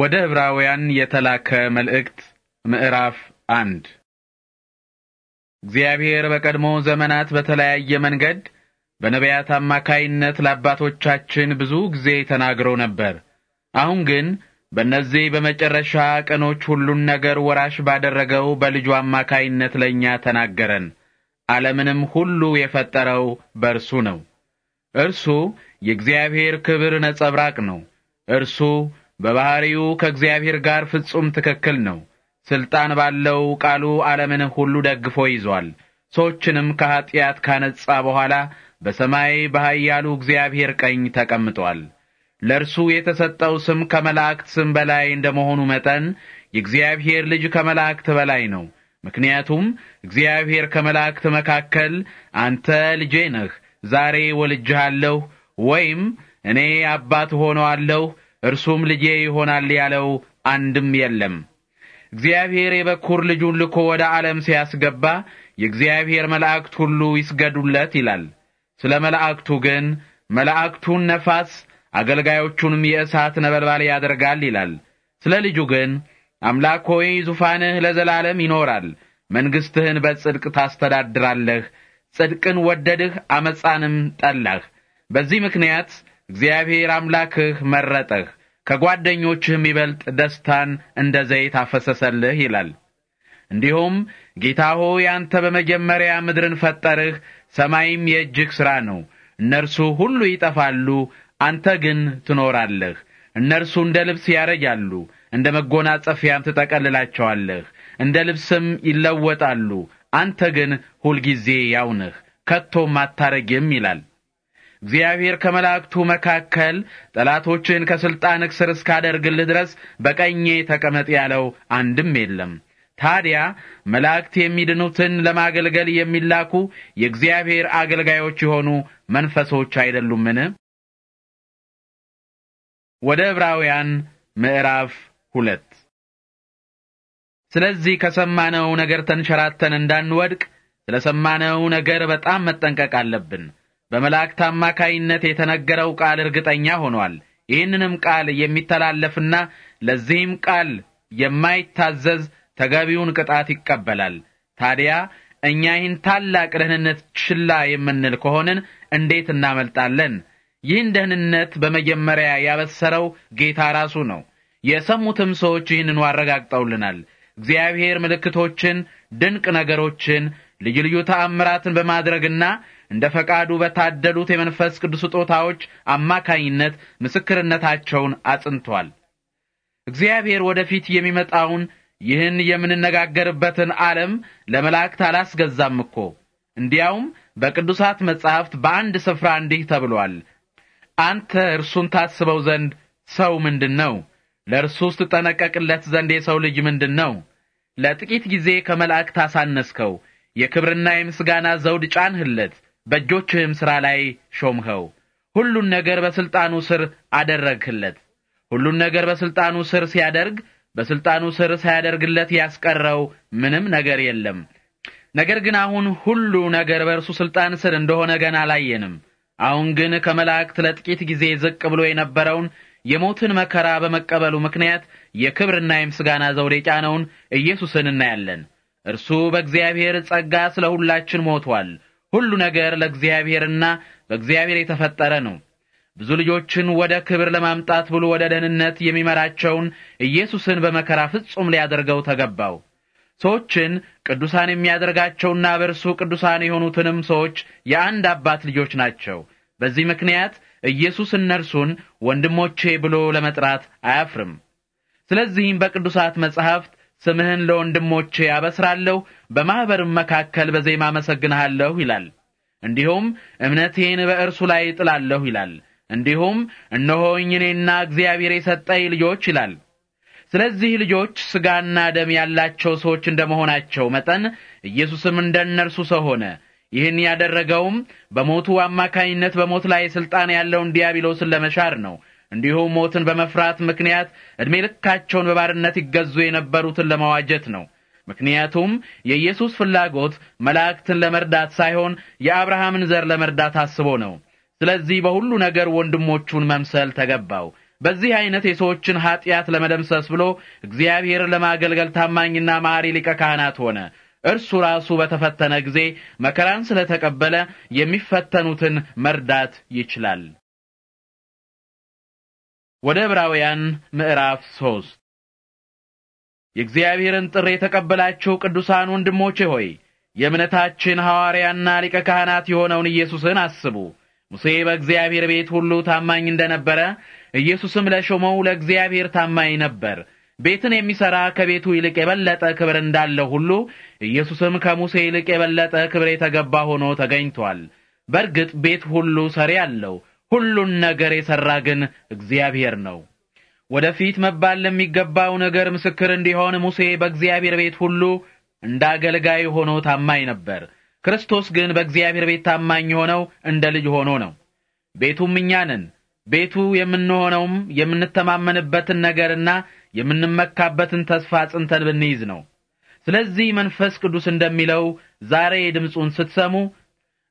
ወደ ዕብራውያን የተላከ መልእክት ምዕራፍ አንድ እግዚአብሔር በቀድሞ ዘመናት በተለያየ መንገድ በነቢያት አማካይነት ለአባቶቻችን ብዙ ጊዜ ተናግሮ ነበር። አሁን ግን በእነዚህ በመጨረሻ ቀኖች ሁሉን ነገር ወራሽ ባደረገው በልጁ አማካይነት ለእኛ ተናገረን። ዓለምንም ሁሉ የፈጠረው በእርሱ ነው። እርሱ የእግዚአብሔር ክብር ነጸብራቅ ነው። እርሱ በባህሪው ከእግዚአብሔር ጋር ፍጹም ትክክል ነው። ስልጣን ባለው ቃሉ ዓለምን ሁሉ ደግፎ ይዟል። ሰዎችንም ከኀጢአት ካነጻ በኋላ በሰማይ በኃያሉ እግዚአብሔር ቀኝ ተቀምጧል። ለእርሱ የተሰጠው ስም ከመላእክት ስም በላይ እንደ መሆኑ መጠን የእግዚአብሔር ልጅ ከመላእክት በላይ ነው። ምክንያቱም እግዚአብሔር ከመላእክት መካከል አንተ ልጄ ነህ፣ ዛሬ ወልጅሃለሁ፣ ወይም እኔ አባት ሆነዋለሁ እርሱም ልጄ ይሆናል ያለው አንድም የለም። እግዚአብሔር የበኩር ልጁን ልኮ ወደ ዓለም ሲያስገባ የእግዚአብሔር መላእክት ሁሉ ይስገዱለት ይላል። ስለ መላእክቱ ግን መላእክቱን ነፋስ አገልጋዮቹንም የእሳት ነበልባል ያደርጋል ይላል። ስለ ልጁ ግን አምላክ ሆይ ዙፋንህ ለዘላለም ይኖራል፣ መንግሥትህን በጽድቅ ታስተዳድራለህ። ጽድቅን ወደድህ፣ አመፃንም ጠላህ። በዚህ ምክንያት እግዚአብሔር አምላክህ መረጠህ፣ ከጓደኞችህም ይበልጥ ደስታን እንደ ዘይት አፈሰሰልህ ይላል። እንዲሁም ጌታ ሆይ አንተ በመጀመሪያ ምድርን ፈጠርህ፣ ሰማይም የእጅህ ሥራ ነው። እነርሱ ሁሉ ይጠፋሉ፣ አንተ ግን ትኖራለህ። እነርሱ እንደ ልብስ ያረጃሉ፣ እንደ መጎናጸፊያም ትጠቀልላቸዋለህ፣ እንደ ልብስም ይለወጣሉ። አንተ ግን ሁልጊዜ ያው ነህ፣ ከቶም አታረጅም ይላል። እግዚአብሔር ከመላእክቱ መካከል ጠላቶችን ከሥልጣንህ ስር እስካደርግልህ ድረስ በቀኜ ተቀመጥ ያለው አንድም የለም። ታዲያ መላእክት የሚድኑትን ለማገልገል የሚላኩ የእግዚአብሔር አገልጋዮች የሆኑ መንፈሶች አይደሉምን? ወደ ዕብራውያን ምዕራፍ ሁለት ስለዚህ ከሰማነው ነገር ተንሸራተን እንዳንወድቅ ስለ ሰማነው ነገር በጣም መጠንቀቅ አለብን። በመላእክት አማካይነት የተነገረው ቃል እርግጠኛ ሆኗል። ይህንንም ቃል የሚተላለፍና ለዚህም ቃል የማይታዘዝ ተገቢውን ቅጣት ይቀበላል። ታዲያ እኛ ይህን ታላቅ ደህንነት ችላ የምንል ከሆንን እንዴት እናመልጣለን? ይህን ደህንነት በመጀመሪያ ያበሰረው ጌታ ራሱ ነው። የሰሙትም ሰዎች ይህንኑ አረጋግጠውልናል። እግዚአብሔር ምልክቶችን፣ ድንቅ ነገሮችን፣ ልዩ ልዩ ተአምራትን በማድረግና እንደ ፈቃዱ በታደሉት የመንፈስ ቅዱስ ስጦታዎች አማካይነት ምስክርነታቸውን አጽንቷል። እግዚአብሔር ወደፊት የሚመጣውን ይህን የምንነጋገርበትን ዓለም ለመላእክት አላስገዛም እኮ። እንዲያውም በቅዱሳት መጻሕፍት በአንድ ስፍራ እንዲህ ተብሏል፣ አንተ እርሱን ታስበው ዘንድ ሰው ምንድን ነው? ለእርሱስ ትጠነቀቅለት ዘንድ የሰው ልጅ ምንድን ነው? ለጥቂት ጊዜ ከመላእክት አሳነስከው፣ የክብርና የምስጋና ዘውድ ጫንህለት፣ በእጆችህም ሥራ ላይ ሾምኸው። ሁሉን ነገር በሥልጣኑ ስር አደረግህለት። ሁሉን ነገር በሥልጣኑ ስር ሲያደርግ በሥልጣኑ ስር ሳያደርግለት ያስቀረው ምንም ነገር የለም። ነገር ግን አሁን ሁሉ ነገር በእርሱ ሥልጣን ስር እንደሆነ ገና አላየንም። አሁን ግን ከመላእክት ለጥቂት ጊዜ ዝቅ ብሎ የነበረውን የሞትን መከራ በመቀበሉ ምክንያት የክብርና የምስጋና ዘውድ የጫነውን ኢየሱስን እናያለን። እርሱ በእግዚአብሔር ጸጋ ስለ ሁላችን ሞቷል። ሁሉ ነገር ለእግዚአብሔርና በእግዚአብሔር የተፈጠረ ነው። ብዙ ልጆችን ወደ ክብር ለማምጣት ብሎ ወደ ደህንነት የሚመራቸውን ኢየሱስን በመከራ ፍጹም ሊያደርገው ተገባው። ሰዎችን ቅዱሳን የሚያደርጋቸውና በእርሱ ቅዱሳን የሆኑትንም ሰዎች የአንድ አባት ልጆች ናቸው። በዚህ ምክንያት ኢየሱስ እነርሱን ወንድሞቼ ብሎ ለመጥራት አያፍርም። ስለዚህም በቅዱሳት መጻሕፍት ስምህን ለወንድሞቼ ያበስራለሁ፣ በማኅበርም መካከል በዜማ አመሰግንሃለሁ ይላል። እንዲሁም እምነቴን በእርሱ ላይ እጥላለሁ ይላል። እንዲሁም እነሆኝ እኔና እግዚአብሔር የሰጠኝ ልጆች ይላል። ስለዚህ ልጆች ሥጋና ደም ያላቸው ሰዎች እንደመሆናቸው መጠን ኢየሱስም እንደ እነርሱ ሰው ሆነ። ይህን ያደረገውም በሞቱ አማካኝነት በሞት ላይ ሥልጣን ያለውን ዲያብሎስን ለመሻር ነው። እንዲሁ ሞትን በመፍራት ምክንያት ዕድሜ ልካቸውን በባርነት ይገዙ የነበሩትን ለመዋጀት ነው። ምክንያቱም የኢየሱስ ፍላጎት መላእክትን ለመርዳት ሳይሆን የአብርሃምን ዘር ለመርዳት አስቦ ነው። ስለዚህ በሁሉ ነገር ወንድሞቹን መምሰል ተገባው። በዚህ አይነት የሰዎችን ኀጢአት ለመደምሰስ ብሎ እግዚአብሔርን ለማገልገል ታማኝና መሐሪ ሊቀ ካህናት ሆነ። እርሱ ራሱ በተፈተነ ጊዜ መከራን ስለተቀበለ የሚፈተኑትን መርዳት ይችላል። ወደ ዕብራውያን ምዕራፍ ሶስት የእግዚአብሔርን ጥሪ የተቀበላችሁ ቅዱሳን ወንድሞቼ ሆይ የእምነታችን ሐዋርያና ሊቀ ካህናት የሆነውን ኢየሱስን አስቡ። ሙሴ በእግዚአብሔር ቤት ሁሉ ታማኝ እንደነበረ ኢየሱስም ለሾመው ለእግዚአብሔር ታማኝ ነበር። ቤትን የሚሠራ ከቤቱ ይልቅ የበለጠ ክብር እንዳለው ሁሉ ኢየሱስም ከሙሴ ይልቅ የበለጠ ክብር የተገባ ሆኖ ተገኝቷል። በርግጥ ቤት ሁሉ ሰሪ አለው ሁሉን ነገር የሠራ ግን እግዚአብሔር ነው። ወደፊት መባል ለሚገባው ነገር ምስክር እንዲሆን ሙሴ በእግዚአብሔር ቤት ሁሉ እንደ አገልጋይ ሆኖ ታማኝ ነበር። ክርስቶስ ግን በእግዚአብሔር ቤት ታማኝ ሆነው እንደ ልጅ ሆኖ ነው። ቤቱም እኛ ነን። ቤቱ የምንሆነውም የምንተማመንበትን ነገርና የምንመካበትን ተስፋ ጽንተን ብንይዝ ነው። ስለዚህ መንፈስ ቅዱስ እንደሚለው ዛሬ ድምፁን ስትሰሙ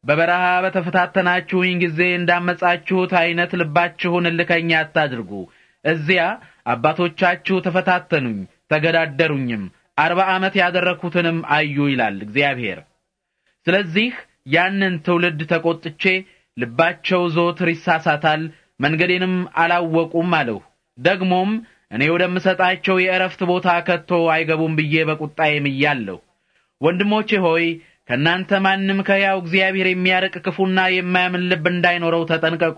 በበረሃ በተፈታተናችሁኝ ጊዜ እንዳመጻችሁት አይነት ልባችሁን እልከኛ አታድርጉ። እዚያ አባቶቻችሁ ተፈታተኑኝ፣ ተገዳደሩኝም፣ አርባ ዓመት ያደረግሁትንም አዩ ይላል እግዚአብሔር። ስለዚህ ያንን ትውልድ ተቈጥቼ ልባቸው ዘወትር ይሳሳታል፣ መንገዴንም አላወቁም አለሁ። ደግሞም እኔ ወደምሰጣቸው የእረፍት ቦታ ከቶ አይገቡም ብዬ በቁጣዬ ምያለሁ። ወንድሞቼ ሆይ ከእናንተ ማንም ከያው እግዚአብሔር የሚያርቅ ክፉና የማያምን ልብ እንዳይኖረው ተጠንቀቁ።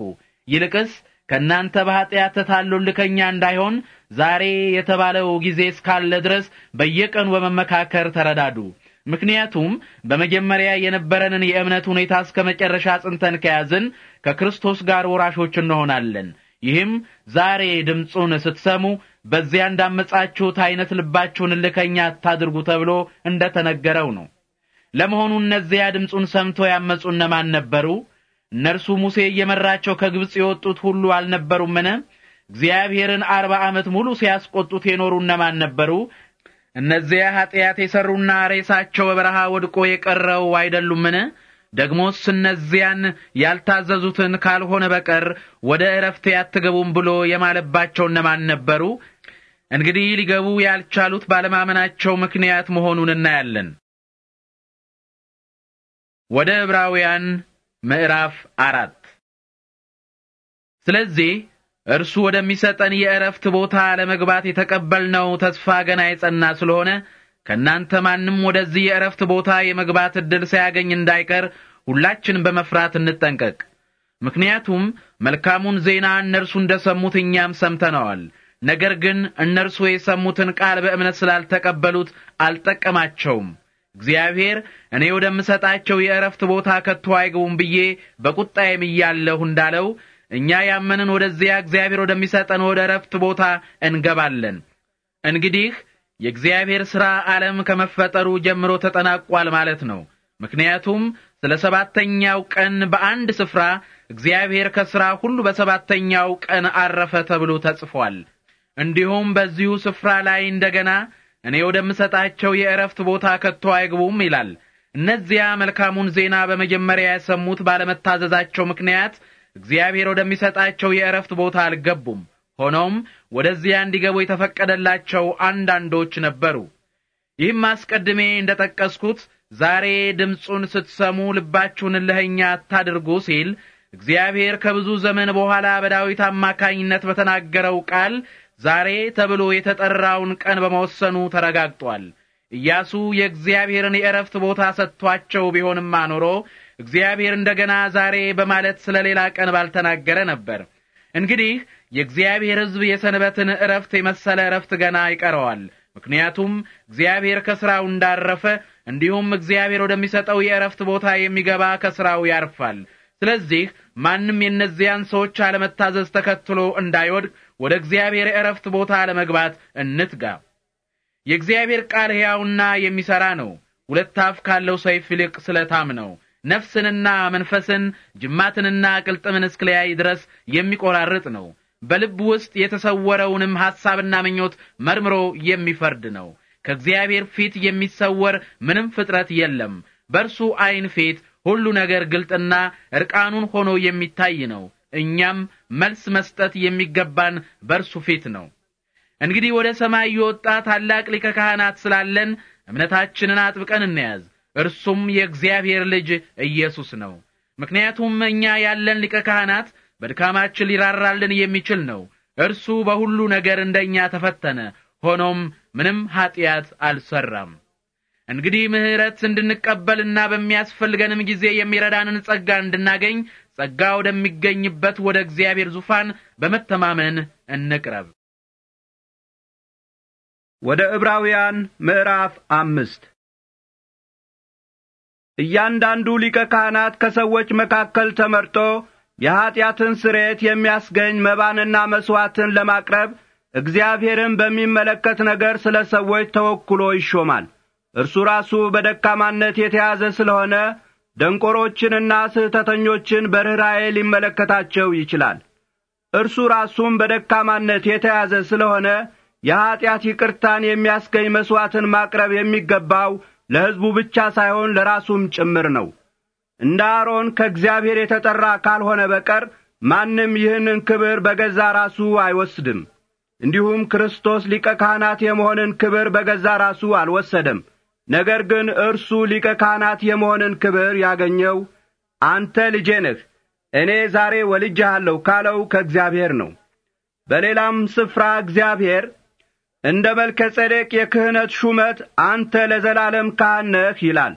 ይልቅስ ከእናንተ በኀጢአት ተታሎ ልከኛ እንዳይሆን ዛሬ የተባለው ጊዜ እስካለ ድረስ በየቀኑ በመመካከር ተረዳዱ። ምክንያቱም በመጀመሪያ የነበረንን የእምነት ሁኔታ እስከ መጨረሻ ጽንተን ከያዝን ከክርስቶስ ጋር ወራሾች እንሆናለን። ይህም ዛሬ ድምፁን ስትሰሙ በዚያ እንዳመጻችሁት ዐይነት ልባችሁን ልከኛ አታድርጉ ተብሎ እንደ ተነገረው ነው። ለመሆኑ እነዚያ ድምፁን ሰምቶ ያመፁ እነማን ነበሩ? እነርሱ ሙሴ እየመራቸው ከግብፅ የወጡት ሁሉ አልነበሩምን? እግዚአብሔርን አርባ ዓመት ሙሉ ሲያስቆጡት የኖሩ እነማን ነበሩ? እነዚያ ኀጢአት የሠሩና ሬሳቸው በበረሃ ወድቆ የቀረው አይደሉምን? ደግሞስ እነዚያን ያልታዘዙትን ካልሆነ በቀር ወደ ዕረፍቴ አትገቡም ብሎ የማለባቸው እነማን ነበሩ? እንግዲህ ሊገቡ ያልቻሉት ባለማመናቸው ምክንያት መሆኑን እናያለን። ወደ ዕብራውያን ምዕራፍ አራት ስለዚህ እርሱ ወደሚሰጠን የእረፍት ቦታ ለመግባት የተቀበልነው ተስፋ ገና የጸና ስለሆነ ከእናንተ ማንም ወደዚህ የእረፍት ቦታ የመግባት ዕድል ሳያገኝ እንዳይቀር ሁላችን በመፍራት እንጠንቀቅ። ምክንያቱም መልካሙን ዜና እነርሱ እንደሰሙት እኛም ሰምተነዋል። ነገር ግን እነርሱ የሰሙትን ቃል በእምነት ስላልተቀበሉት አልጠቀማቸውም። እግዚአብሔር እኔ ወደምሰጣቸው የእረፍት ቦታ ከቶ አይገቡም ብዬ በቁጣዬም እያለሁ እንዳለው እኛ ያመንን ወደዚያ እግዚአብሔር ወደሚሰጠን ወደ እረፍት ቦታ እንገባለን። እንግዲህ የእግዚአብሔር ሥራ ዓለም ከመፈጠሩ ጀምሮ ተጠናቋል ማለት ነው። ምክንያቱም ስለ ሰባተኛው ቀን በአንድ ስፍራ እግዚአብሔር ከሥራ ሁሉ በሰባተኛው ቀን አረፈ ተብሎ ተጽፏል። እንዲሁም በዚሁ ስፍራ ላይ እንደገና እኔ ወደምሰጣቸው የእረፍት ቦታ ከቶ አይግቡም ይላል። እነዚያ መልካሙን ዜና በመጀመሪያ የሰሙት ባለመታዘዛቸው ምክንያት እግዚአብሔር ወደሚሰጣቸው የእረፍት ቦታ አልገቡም። ሆኖም ወደዚያ እንዲገቡ የተፈቀደላቸው አንዳንዶች ነበሩ። ይህም አስቀድሜ እንደ ጠቀስኩት ዛሬ ድምፁን ስትሰሙ ልባችሁን እልኸኛ አታድርጉ ሲል እግዚአብሔር ከብዙ ዘመን በኋላ በዳዊት አማካኝነት በተናገረው ቃል ዛሬ ተብሎ የተጠራውን ቀን በመወሰኑ ተረጋግጧል። ኢያሱ የእግዚአብሔርን የእረፍት ቦታ ሰጥቷቸው ቢሆንማ ኖሮ እግዚአብሔር እንደገና ዛሬ በማለት ስለ ሌላ ቀን ባልተናገረ ነበር። እንግዲህ የእግዚአብሔር ሕዝብ የሰንበትን እረፍት የመሰለ እረፍት ገና ይቀረዋል። ምክንያቱም እግዚአብሔር ከሥራው እንዳረፈ እንዲሁም እግዚአብሔር ወደሚሰጠው የእረፍት ቦታ የሚገባ ከሥራው ያርፋል። ስለዚህ ማንም የእነዚያን ሰዎች አለመታዘዝ ተከትሎ እንዳይወድቅ ወደ እግዚአብሔር የእረፍት ቦታ ለመግባት እንትጋ። የእግዚአብሔር ቃል ሕያውና የሚሠራ ነው፣ ሁለት አፍ ካለው ሰይፍ ይልቅ ስለታም ነው፣ ነፍስንና መንፈስን ጅማትንና ቅልጥምን እስክለያይ ድረስ የሚቆራርጥ ነው፣ በልብ ውስጥ የተሰወረውንም ሐሳብና ምኞት መርምሮ የሚፈርድ ነው። ከእግዚአብሔር ፊት የሚሰወር ምንም ፍጥረት የለም። በእርሱ ዐይን ፊት ሁሉ ነገር ግልጥና ርቃኑን ሆኖ የሚታይ ነው። እኛም መልስ መስጠት የሚገባን በእርሱ ፊት ነው። እንግዲህ ወደ ሰማይ የወጣ ታላቅ ሊቀ ካህናት ስላለን እምነታችንን አጥብቀን እንያዝ። እርሱም የእግዚአብሔር ልጅ ኢየሱስ ነው። ምክንያቱም እኛ ያለን ሊቀ ካህናት በድካማችን ሊራራልን የሚችል ነው። እርሱ በሁሉ ነገር እንደኛ ተፈተነ፣ ሆኖም ምንም ኀጢአት አልሠራም። እንግዲህ ምሕረት እንድንቀበልና በሚያስፈልገንም ጊዜ የሚረዳንን ጸጋ እንድናገኝ ጸጋ ወደሚገኝበት ወደ እግዚአብሔር ዙፋን በመተማመን እንቅረብ። ወደ ዕብራውያን ምዕራፍ አምስት እያንዳንዱ ሊቀ ካህናት ከሰዎች መካከል ተመርጦ የኀጢአትን ስርየት የሚያስገኝ መባንና መሥዋዕትን ለማቅረብ እግዚአብሔርን በሚመለከት ነገር ስለ ሰዎች ተወክሎ ይሾማል። እርሱ ራሱ በደካማነት የተያዘ ስለሆነ ደንቆሮችንና ስህተተኞችን በርኅራዬ ሊመለከታቸው ይችላል። እርሱ ራሱም በደካማነት የተያዘ ስለሆነ የኀጢአት ይቅርታን የሚያስገኝ መሥዋዕትን ማቅረብ የሚገባው ለሕዝቡ ብቻ ሳይሆን ለራሱም ጭምር ነው። እንደ አሮን ከእግዚአብሔር የተጠራ ካልሆነ በቀር ማንም ይህንን ክብር በገዛ ራሱ አይወስድም። እንዲሁም ክርስቶስ ሊቀ ካህናት የመሆንን ክብር በገዛ ራሱ አልወሰደም። ነገር ግን እርሱ ሊቀ ካህናት የመሆንን ክብር ያገኘው አንተ ልጄ ነህ፣ እኔ ዛሬ ወልጄሃለሁ ካለው ከእግዚአብሔር ነው። በሌላም ስፍራ እግዚአብሔር እንደ መልከ ጼዴቅ የክህነት ሹመት አንተ ለዘላለም ካህን ነህ ይላል።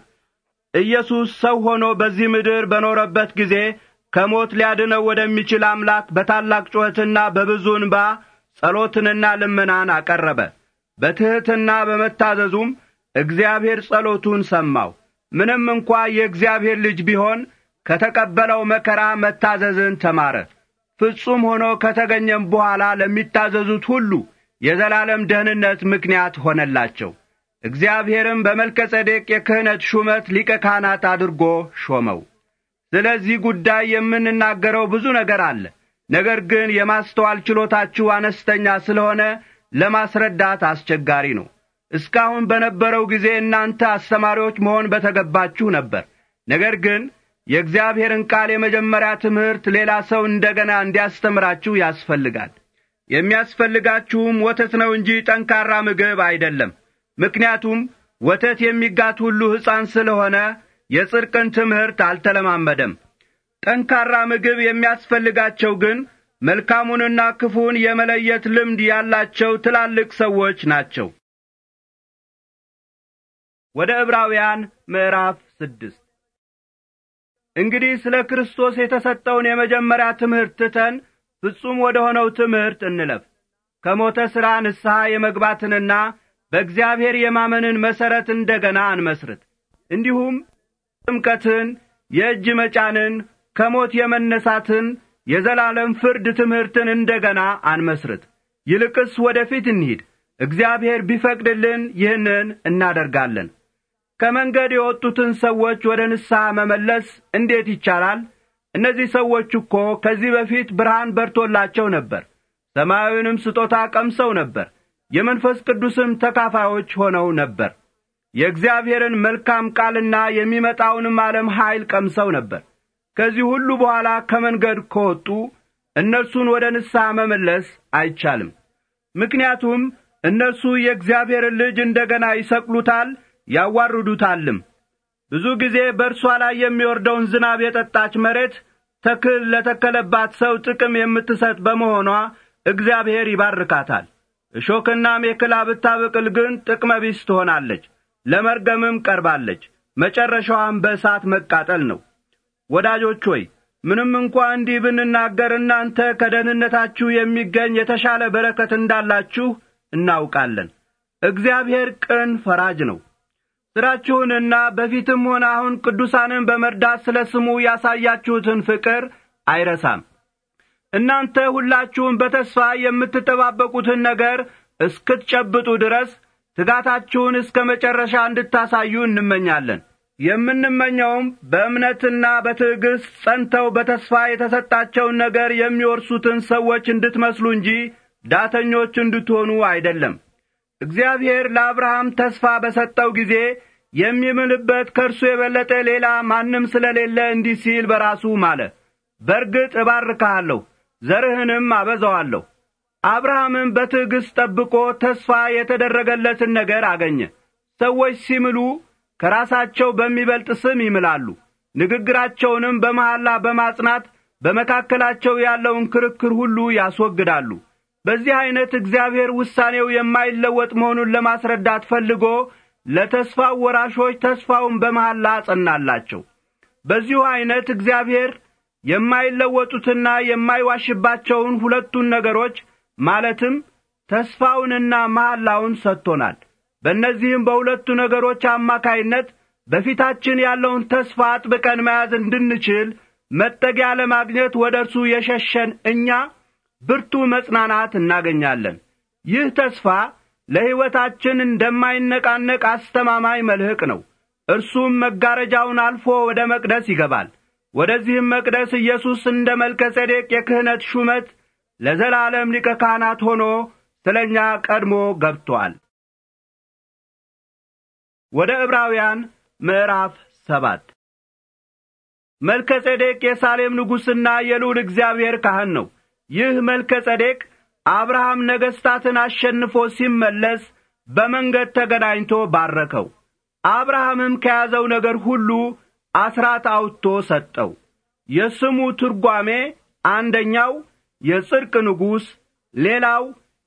ኢየሱስ ሰው ሆኖ በዚህ ምድር በኖረበት ጊዜ ከሞት ሊያድነው ወደሚችል አምላክ በታላቅ ጩኸትና በብዙ እንባ ጸሎትንና ልመናን አቀረበ። በትሕትና በመታዘዙም እግዚአብሔር ጸሎቱን ሰማው። ምንም እንኳ የእግዚአብሔር ልጅ ቢሆን ከተቀበለው መከራ መታዘዝን ተማረ። ፍጹም ሆኖ ከተገኘም በኋላ ለሚታዘዙት ሁሉ የዘላለም ደህንነት ምክንያት ሆነላቸው። እግዚአብሔርም በመልከ ጸዴቅ የክህነት ሹመት ሊቀ ካህናት አድርጎ ሾመው። ስለዚህ ጉዳይ የምንናገረው ብዙ ነገር አለ። ነገር ግን የማስተዋል ችሎታችሁ አነስተኛ ስለሆነ ለማስረዳት አስቸጋሪ ነው። እስካሁን በነበረው ጊዜ እናንተ አስተማሪዎች መሆን በተገባችሁ ነበር። ነገር ግን የእግዚአብሔርን ቃል የመጀመሪያ ትምህርት ሌላ ሰው እንደገና እንዲያስተምራችሁ ያስፈልጋል። የሚያስፈልጋችሁም ወተት ነው እንጂ ጠንካራ ምግብ አይደለም። ምክንያቱም ወተት የሚጋት ሁሉ ሕፃን ስለሆነ የጽድቅን ትምህርት አልተለማመደም። ጠንካራ ምግብ የሚያስፈልጋቸው ግን መልካሙንና ክፉን የመለየት ልምድ ያላቸው ትላልቅ ሰዎች ናቸው። ወደ ዕብራውያን ምዕራፍ ስድስት እንግዲህ ስለ ክርስቶስ የተሰጠውን የመጀመሪያ ትምህርት ትተን ፍጹም ወደ ሆነው ትምህርት እንለፍ ከሞተ ሥራ ንስሐ የመግባትንና በእግዚአብሔር የማመንን መሠረት እንደ ገና አንመስርት እንዲሁም ጥምቀትን የእጅ መጫንን ከሞት የመነሳትን የዘላለም ፍርድ ትምህርትን እንደ ገና አንመስርት ይልቅስ ወደ ፊት እንሂድ እግዚአብሔር ቢፈቅድልን ይህንን እናደርጋለን ከመንገድ የወጡትን ሰዎች ወደ ንስሐ መመለስ እንዴት ይቻላል? እነዚህ ሰዎች እኮ ከዚህ በፊት ብርሃን በርቶላቸው ነበር፣ ሰማያዊንም ስጦታ ቀምሰው ነበር፣ የመንፈስ ቅዱስም ተካፋዮች ሆነው ነበር። የእግዚአብሔርን መልካም ቃልና የሚመጣውንም ዓለም ኀይል ቀምሰው ነበር። ከዚህ ሁሉ በኋላ ከመንገድ ከወጡ እነርሱን ወደ ንስሐ መመለስ አይቻልም። ምክንያቱም እነርሱ የእግዚአብሔርን ልጅ እንደገና ይሰቅሉታል ያዋርዱታልም። ብዙ ጊዜ በእርሷ ላይ የሚወርደውን ዝናብ የጠጣች መሬት ተክል ለተከለባት ሰው ጥቅም የምትሰጥ በመሆኗ እግዚአብሔር ይባርካታል። እሾክና ሜክላ ብታበቅል ግን ጥቅመ ቢስ ትሆናለች፣ ለመርገምም ቀርባለች፣ መጨረሻዋም በእሳት መቃጠል ነው። ወዳጆች ሆይ ምንም እንኳ እንዲህ ብንናገር እናንተ ከደህንነታችሁ የሚገኝ የተሻለ በረከት እንዳላችሁ እናውቃለን። እግዚአብሔር ቅን ፈራጅ ነው። ሥራችሁንና በፊትም ሆነ አሁን ቅዱሳንን በመርዳት ስለ ስሙ ያሳያችሁትን ፍቅር አይረሳም። እናንተ ሁላችሁም በተስፋ የምትጠባበቁትን ነገር እስክትጨብጡ ድረስ ትጋታችሁን እስከ መጨረሻ እንድታሳዩ እንመኛለን። የምንመኘውም በእምነትና በትዕግሥት ጸንተው በተስፋ የተሰጣቸውን ነገር የሚወርሱትን ሰዎች እንድትመስሉ እንጂ ዳተኞች እንድትሆኑ አይደለም። እግዚአብሔር ለአብርሃም ተስፋ በሰጠው ጊዜ የሚምልበት ከእርሱ የበለጠ ሌላ ማንም ስለሌለ እንዲህ ሲል በራሱ ማለ፣ በርግጥ እባርካሃለሁ፣ ዘርህንም አበዛዋለሁ። አብርሃምም በትዕግሥት ጠብቆ ተስፋ የተደረገለትን ነገር አገኘ። ሰዎች ሲምሉ ከራሳቸው በሚበልጥ ስም ይምላሉ። ንግግራቸውንም በመሐላ በማጽናት በመካከላቸው ያለውን ክርክር ሁሉ ያስወግዳሉ። በዚህ ዐይነት እግዚአብሔር ውሳኔው የማይለወጥ መሆኑን ለማስረዳት ፈልጎ ለተስፋው ወራሾች ተስፋውን በመሐላ አጸናላቸው። በዚሁ ዐይነት እግዚአብሔር የማይለወጡትና የማይዋሽባቸውን ሁለቱን ነገሮች ማለትም ተስፋውንና መሐላውን ሰጥቶናል። በእነዚህም በሁለቱ ነገሮች አማካይነት በፊታችን ያለውን ተስፋ አጥብቀን መያዝ እንድንችል መጠጊያ ለማግኘት ወደ እርሱ የሸሸን እኛ ብርቱ መጽናናት እናገኛለን። ይህ ተስፋ ለሕይወታችን እንደማይነቃነቅ አስተማማኝ መልሕቅ ነው። እርሱም መጋረጃውን አልፎ ወደ መቅደስ ይገባል። ወደዚህም መቅደስ ኢየሱስ እንደ መልከ ጼዴቅ የክህነት ሹመት ለዘላለም ሊቀ ካህናት ሆኖ ስለ እኛ ቀድሞ ገብቶአል። ወደ ዕብራውያን ምዕራፍ ሰባት መልከ ጼዴቅ የሳሌም ንጉሥና የልዑል እግዚአብሔር ካህን ነው። ይህ መልከ ጼዴቅ አብርሃም ነገሥታትን አሸንፎ ሲመለስ በመንገድ ተገናኝቶ ባረከው። አብርሃምም ከያዘው ነገር ሁሉ አስራት አውጥቶ ሰጠው። የስሙ ትርጓሜ አንደኛው የጽድቅ ንጉሥ፣ ሌላው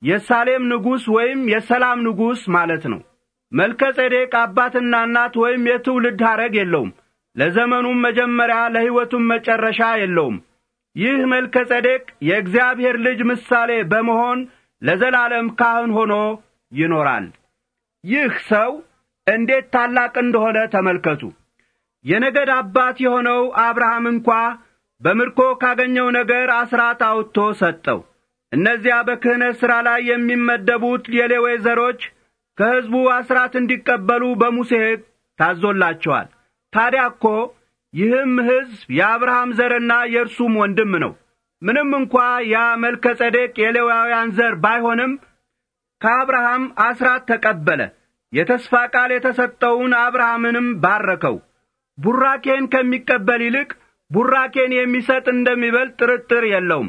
የሳሌም ንጉሥ ወይም የሰላም ንጉሥ ማለት ነው። ጼዴቅ አባትና እናት ወይም የትውልድ ሐረግ የለውም። ለዘመኑም መጀመሪያ ለሕይወቱም መጨረሻ የለውም። ይህ መልከ ጸዴቅ የእግዚአብሔር ልጅ ምሳሌ በመሆን ለዘላለም ካህን ሆኖ ይኖራል። ይህ ሰው እንዴት ታላቅ እንደሆነ ተመልከቱ። የነገድ አባት የሆነው አብርሃም እንኳ በምርኮ ካገኘው ነገር አስራት አውጥቶ ሰጠው። እነዚያ በክህነት ሥራ ላይ የሚመደቡት የሌዌ ዘሮች ከሕዝቡ አስራት እንዲቀበሉ በሙሴ ሕግ ታዞላቸዋል። ታዲያ እኮ ይህም ሕዝብ የአብርሃም ዘርና የእርሱም ወንድም ነው። ምንም እንኳ ያ መልከ ጸዴቅ የሌዋውያን ዘር ባይሆንም ከአብርሃም አስራት ተቀበለ። የተስፋ ቃል የተሰጠውን አብርሃምንም ባረከው። ቡራኬን ከሚቀበል ይልቅ ቡራኬን የሚሰጥ እንደሚበልጥ ጥርጥር የለውም።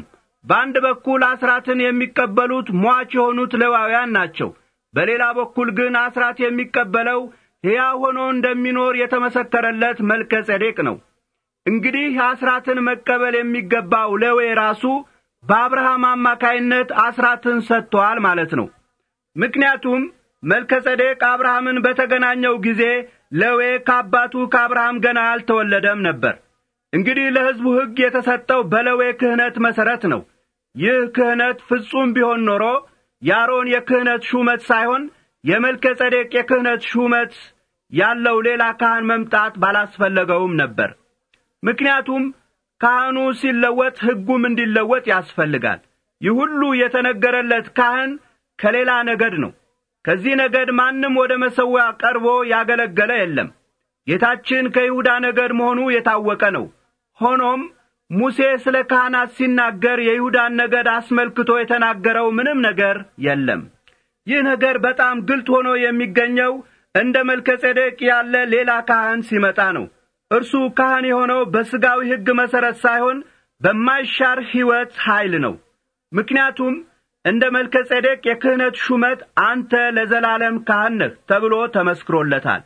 በአንድ በኩል አስራትን የሚቀበሉት ሟች የሆኑት ሌዋውያን ናቸው። በሌላ በኩል ግን አስራት የሚቀበለው ሕያው ሆኖ እንደሚኖር የተመሰከረለት መልከ ጼዴቅ ነው። እንግዲህ አስራትን መቀበል የሚገባው ሌዊ ራሱ በአብርሃም አማካይነት አስራትን ሰጥቶአል ማለት ነው። ምክንያቱም መልከ ጼዴቅ አብርሃምን በተገናኘው ጊዜ ሌዊ ከአባቱ ከአብርሃም ገና አልተወለደም ነበር። እንግዲህ ለሕዝቡ ሕግ የተሰጠው በሌዊ ክህነት መሠረት ነው። ይህ ክህነት ፍጹም ቢሆን ኖሮ የአሮን የክህነት ሹመት ሳይሆን የመልከ ጸዴቅ የክህነት ሹመት ያለው ሌላ ካህን መምጣት ባላስፈለገውም ነበር። ምክንያቱም ካህኑ ሲለወጥ ሕጉም እንዲለወጥ ያስፈልጋል። ይህ ሁሉ የተነገረለት ካህን ከሌላ ነገድ ነው። ከዚህ ነገድ ማንም ወደ መሠዊያ ቀርቦ ያገለገለ የለም። ጌታችን ከይሁዳ ነገድ መሆኑ የታወቀ ነው። ሆኖም ሙሴ ስለ ካህናት ሲናገር የይሁዳን ነገድ አስመልክቶ የተናገረው ምንም ነገር የለም። ይህ ነገር በጣም ግልጥ ሆኖ የሚገኘው እንደ መልከ ጸደቅ ያለ ሌላ ካህን ሲመጣ ነው። እርሱ ካህን የሆነው በሥጋዊ ሕግ መሠረት ሳይሆን በማይሻር ሕይወት ኃይል ነው። ምክንያቱም እንደ መልከ ጸደቅ የክህነት ሹመት አንተ ለዘላለም ካህን ነህ ተብሎ ተመስክሮለታል።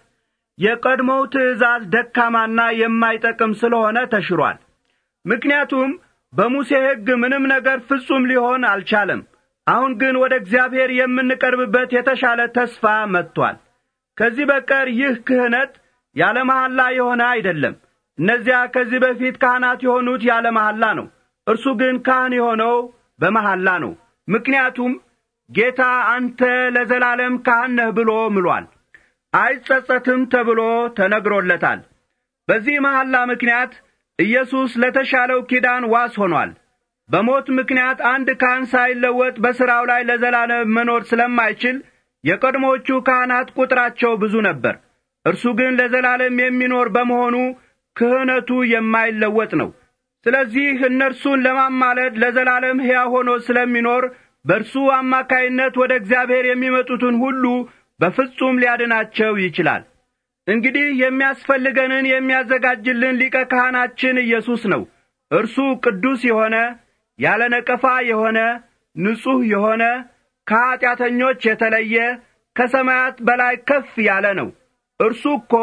የቀድሞው ትእዛዝ ደካማና የማይጠቅም ስለሆነ ተሽሯል። ምክንያቱም በሙሴ ሕግ ምንም ነገር ፍጹም ሊሆን አልቻለም። አሁን ግን ወደ እግዚአብሔር የምንቀርብበት የተሻለ ተስፋ መጥቷል። ከዚህ በቀር ይህ ክህነት ያለ መሐላ የሆነ አይደለም። እነዚያ ከዚህ በፊት ካህናት የሆኑት ያለ መሐላ ነው። እርሱ ግን ካህን የሆነው በመሐላ ነው። ምክንያቱም ጌታ አንተ ለዘላለም ካህን ነህ ብሎ ምሏል፣ አይጸጸትም ተብሎ ተነግሮለታል። በዚህ መሐላ ምክንያት ኢየሱስ ለተሻለው ኪዳን ዋስ ሆኗል። በሞት ምክንያት አንድ ካህን ሳይለወጥ በሥራው ላይ ለዘላለም መኖር ስለማይችል የቀድሞቹ ካህናት ቁጥራቸው ብዙ ነበር። እርሱ ግን ለዘላለም የሚኖር በመሆኑ ክህነቱ የማይለወጥ ነው። ስለዚህ እነርሱን ለማማለድ ለዘላለም ሕያው ሆኖ ስለሚኖር በእርሱ አማካይነት ወደ እግዚአብሔር የሚመጡትን ሁሉ በፍጹም ሊያድናቸው ይችላል። እንግዲህ የሚያስፈልገንን የሚያዘጋጅልን ሊቀ ካህናችን ኢየሱስ ነው። እርሱ ቅዱስ የሆነ ያለ ነቀፋ የሆነ ንጹሕ የሆነ ከኀጢአተኞች የተለየ ከሰማያት በላይ ከፍ ያለ ነው። እርሱ እኮ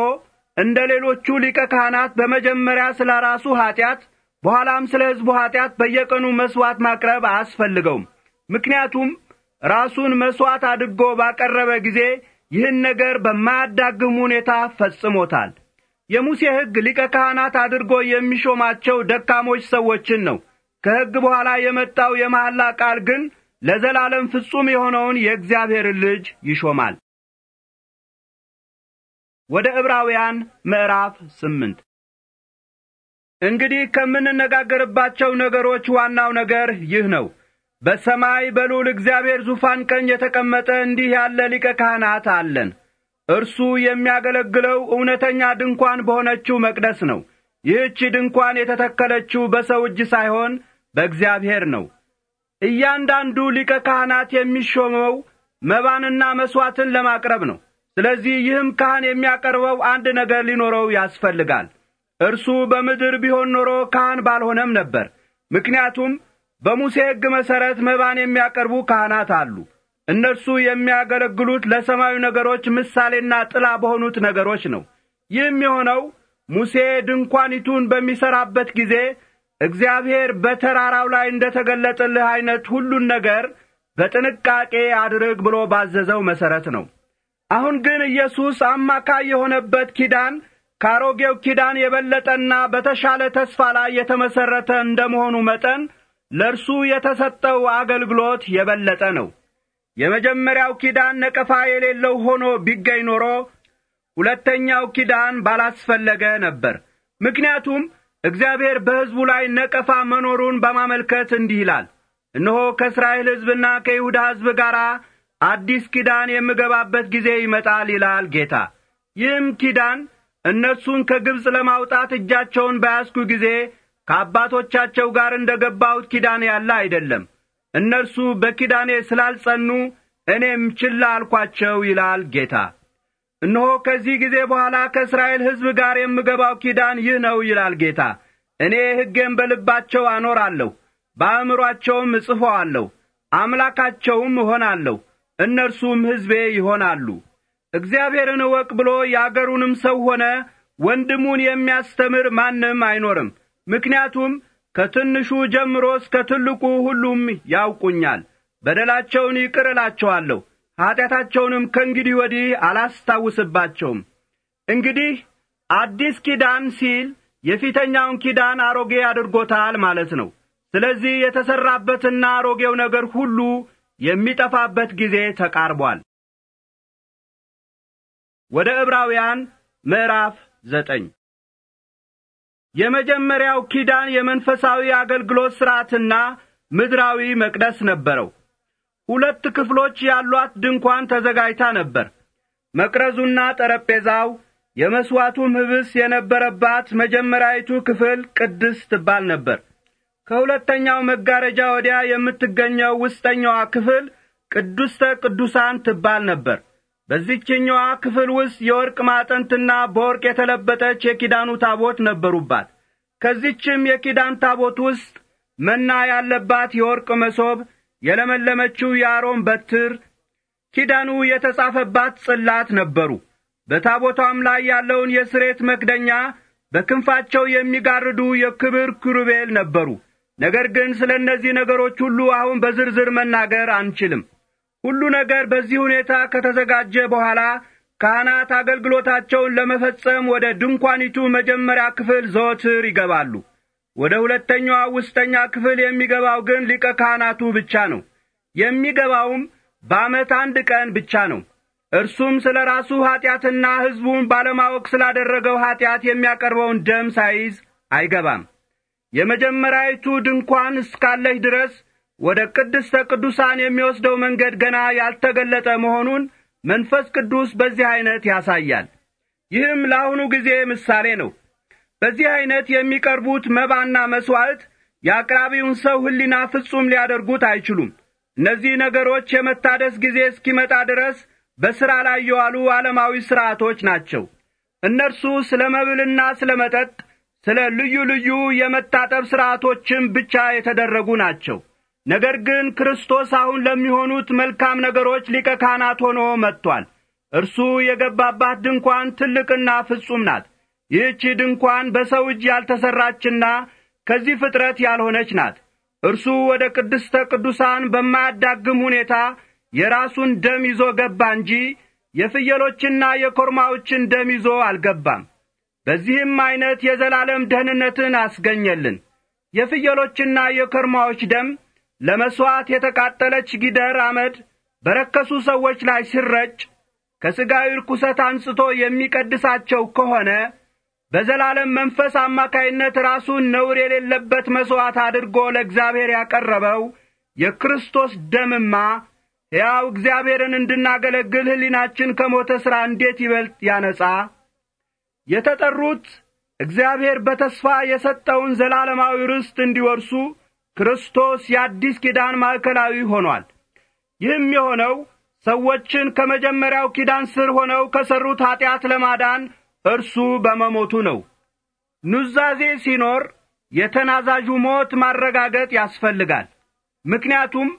እንደ ሌሎቹ ሊቀ ካህናት በመጀመሪያ ስለ ራሱ ኀጢአት በኋላም ስለ ሕዝቡ ኀጢአት በየቀኑ መሥዋዕት ማቅረብ አያስፈልገውም። ምክንያቱም ራሱን መሥዋዕት አድርጎ ባቀረበ ጊዜ ይህን ነገር በማያዳግም ሁኔታ ፈጽሞታል። የሙሴ ሕግ ሊቀ ካህናት አድርጎ የሚሾማቸው ደካሞች ሰዎችን ነው። ከሕግ በኋላ የመጣው የመሐላ ቃል ግን ለዘላለም ፍጹም የሆነውን የእግዚአብሔር ልጅ ይሾማል። ወደ ዕብራውያን ምዕራፍ ስምንት እንግዲህ ከምንነጋገርባቸው ነገሮች ዋናው ነገር ይህ ነው። በሰማይ በልዑል እግዚአብሔር ዙፋን ቀኝ የተቀመጠ እንዲህ ያለ ሊቀ ካህናት አለን። እርሱ የሚያገለግለው እውነተኛ ድንኳን በሆነችው መቅደስ ነው። ይህች ድንኳን የተተከለችው በሰው እጅ ሳይሆን በእግዚአብሔር ነው። እያንዳንዱ ሊቀ ካህናት የሚሾመው መባንና መሥዋዕትን ለማቅረብ ነው። ስለዚህ ይህም ካህን የሚያቀርበው አንድ ነገር ሊኖረው ያስፈልጋል። እርሱ በምድር ቢሆን ኖሮ ካህን ባልሆነም ነበር። ምክንያቱም በሙሴ ሕግ መሠረት መባን የሚያቀርቡ ካህናት አሉ። እነርሱ የሚያገለግሉት ለሰማዩ ነገሮች ምሳሌና ጥላ በሆኑት ነገሮች ነው። ይህም የሆነው ሙሴ ድንኳኒቱን በሚሠራበት ጊዜ እግዚአብሔር በተራራው ላይ እንደ ተገለጠልህ ዐይነት ሁሉን ነገር በጥንቃቄ አድርግ ብሎ ባዘዘው መሠረት ነው። አሁን ግን ኢየሱስ አማካይ የሆነበት ኪዳን ካሮጌው ኪዳን የበለጠና በተሻለ ተስፋ ላይ የተመሠረተ እንደ መሆኑ መጠን ለእርሱ የተሰጠው አገልግሎት የበለጠ ነው። የመጀመሪያው ኪዳን ነቀፋ የሌለው ሆኖ ቢገኝ ኖሮ ሁለተኛው ኪዳን ባላስፈለገ ነበር። ምክንያቱም እግዚአብሔር በሕዝቡ ላይ ነቀፋ መኖሩን በማመልከት እንዲህ ይላል፣ እነሆ ከእስራኤል ሕዝብና ከይሁዳ ሕዝብ ጋር አዲስ ኪዳን የምገባበት ጊዜ ይመጣል ይላል ጌታ። ይህም ኪዳን እነርሱን ከግብፅ ለማውጣት እጃቸውን በያዝኩ ጊዜ ከአባቶቻቸው ጋር እንደ ገባሁት ኪዳን ያለ አይደለም። እነርሱ በኪዳኔ ስላልጸኑ እኔም ችላ አልኳቸው ይላል ጌታ። እነሆ ከዚህ ጊዜ በኋላ ከእስራኤል ሕዝብ ጋር የምገባው ኪዳን ይህ ነው ይላል ጌታ። እኔ ሕጌን በልባቸው አኖራለሁ፣ በአእምሮአቸውም እጽፈዋለሁ። አምላካቸውም እሆናለሁ፣ እነርሱም ሕዝቤ ይሆናሉ። እግዚአብሔርን እወቅ ብሎ የአገሩንም ሰው ሆነ ወንድሙን የሚያስተምር ማንም አይኖርም። ምክንያቱም ከትንሹ ጀምሮ እስከ ትልቁ ሁሉም ያውቁኛል። በደላቸውን ይቅር እላቸዋለሁ፣ ኀጢአታቸውንም ከእንግዲህ ወዲህ አላስታውስባቸውም። እንግዲህ አዲስ ኪዳን ሲል የፊተኛውን ኪዳን አሮጌ አድርጎታል ማለት ነው። ስለዚህ የተሠራበትና አሮጌው ነገር ሁሉ የሚጠፋበት ጊዜ ተቃርቧል። ወደ ዕብራውያን ምዕራፍ ዘጠኝ የመጀመሪያው ኪዳን የመንፈሳዊ አገልግሎት ሥርዓትና ምድራዊ መቅደስ ነበረው። ሁለት ክፍሎች ያሏት ድንኳን ተዘጋጅታ ነበር። መቅረዙና ጠረጴዛው የመሥዋዕቱም ህብስ የነበረባት መጀመሪያዊቱ ክፍል ቅድስ ትባል ነበር። ከሁለተኛው መጋረጃ ወዲያ የምትገኘው ውስጠኛዋ ክፍል ቅዱስተ ቅዱሳን ትባል ነበር። በዚችኛዋ ክፍል ውስጥ የወርቅ ማጠንትና በወርቅ የተለበጠች የኪዳኑ ታቦት ነበሩባት። ከዚችም የኪዳን ታቦት ውስጥ መና ያለባት የወርቅ መሶብ የለመለመችው የአሮን በትር፣ ኪዳኑ የተጻፈባት ጽላት ነበሩ። በታቦቷም ላይ ያለውን የስሬት መክደኛ በክንፋቸው የሚጋርዱ የክብር ክሩቤል ነበሩ። ነገር ግን ስለ እነዚህ ነገሮች ሁሉ አሁን በዝርዝር መናገር አንችልም። ሁሉ ነገር በዚህ ሁኔታ ከተዘጋጀ በኋላ ካህናት አገልግሎታቸውን ለመፈጸም ወደ ድንኳኒቱ መጀመሪያ ክፍል ዘወትር ይገባሉ። ወደ ሁለተኛዋ ውስጠኛ ክፍል የሚገባው ግን ሊቀ ካህናቱ ብቻ ነው። የሚገባውም በዓመት አንድ ቀን ብቻ ነው። እርሱም ስለ ራሱ ኀጢአትና ሕዝቡን ባለማወቅ ስላደረገው ኀጢአት የሚያቀርበውን ደም ሳይዝ አይገባም። የመጀመሪያይቱ ድንኳን እስካለች ድረስ ወደ ቅድስተ ቅዱሳን የሚወስደው መንገድ ገና ያልተገለጠ መሆኑን መንፈስ ቅዱስ በዚህ ዐይነት ያሳያል። ይህም ለአሁኑ ጊዜ ምሳሌ ነው። በዚህ ዐይነት የሚቀርቡት መባና መሥዋዕት የአቅራቢውን ሰው ሕሊና ፍጹም ሊያደርጉት አይችሉም። እነዚህ ነገሮች የመታደስ ጊዜ እስኪመጣ ድረስ በሥራ ላይ የዋሉ ዓለማዊ ሥርዓቶች ናቸው። እነርሱ ስለ መብልና ስለ መጠጥ፣ ስለ ልዩ ልዩ የመታጠብ ሥርዓቶችም ብቻ የተደረጉ ናቸው። ነገር ግን ክርስቶስ አሁን ለሚሆኑት መልካም ነገሮች ሊቀ ካህናት ሆኖ መጥቶአል። እርሱ የገባባት ድንኳን ትልቅና ፍጹም ናት። ይህች ድንኳን በሰው እጅ ያልተሠራችና ከዚህ ፍጥረት ያልሆነች ናት። እርሱ ወደ ቅድስተ ቅዱሳን በማያዳግም ሁኔታ የራሱን ደም ይዞ ገባ እንጂ የፍየሎችና የኮርማዎችን ደም ይዞ አልገባም። በዚህም ዐይነት የዘላለም ደህንነትን አስገኘልን። የፍየሎችና የኮርማዎች ደም ለመሥዋዕት የተቃጠለች ጊደር አመድ በረከሱ ሰዎች ላይ ሲረጭ ከሥጋዊ ርኵሰት አንጽቶ የሚቀድሳቸው ከሆነ በዘላለም መንፈስ አማካይነት ራሱን ነውር የሌለበት መሥዋዕት አድርጎ ለእግዚአብሔር ያቀረበው የክርስቶስ ደምማ ሕያው እግዚአብሔርን እንድናገለግል ሕሊናችን ከሞተ ሥራ እንዴት ይበልጥ ያነጻ የተጠሩት እግዚአብሔር በተስፋ የሰጠውን ዘላለማዊ ርስት እንዲወርሱ ክርስቶስ የአዲስ ኪዳን ማዕከላዊ ሆኗል። ይህም የሆነው ሰዎችን ከመጀመሪያው ኪዳን ስር ሆነው ከሠሩት ኀጢአት ለማዳን እርሱ በመሞቱ ነው። ኑዛዜ ሲኖር የተናዛዡ ሞት ማረጋገጥ ያስፈልጋል። ምክንያቱም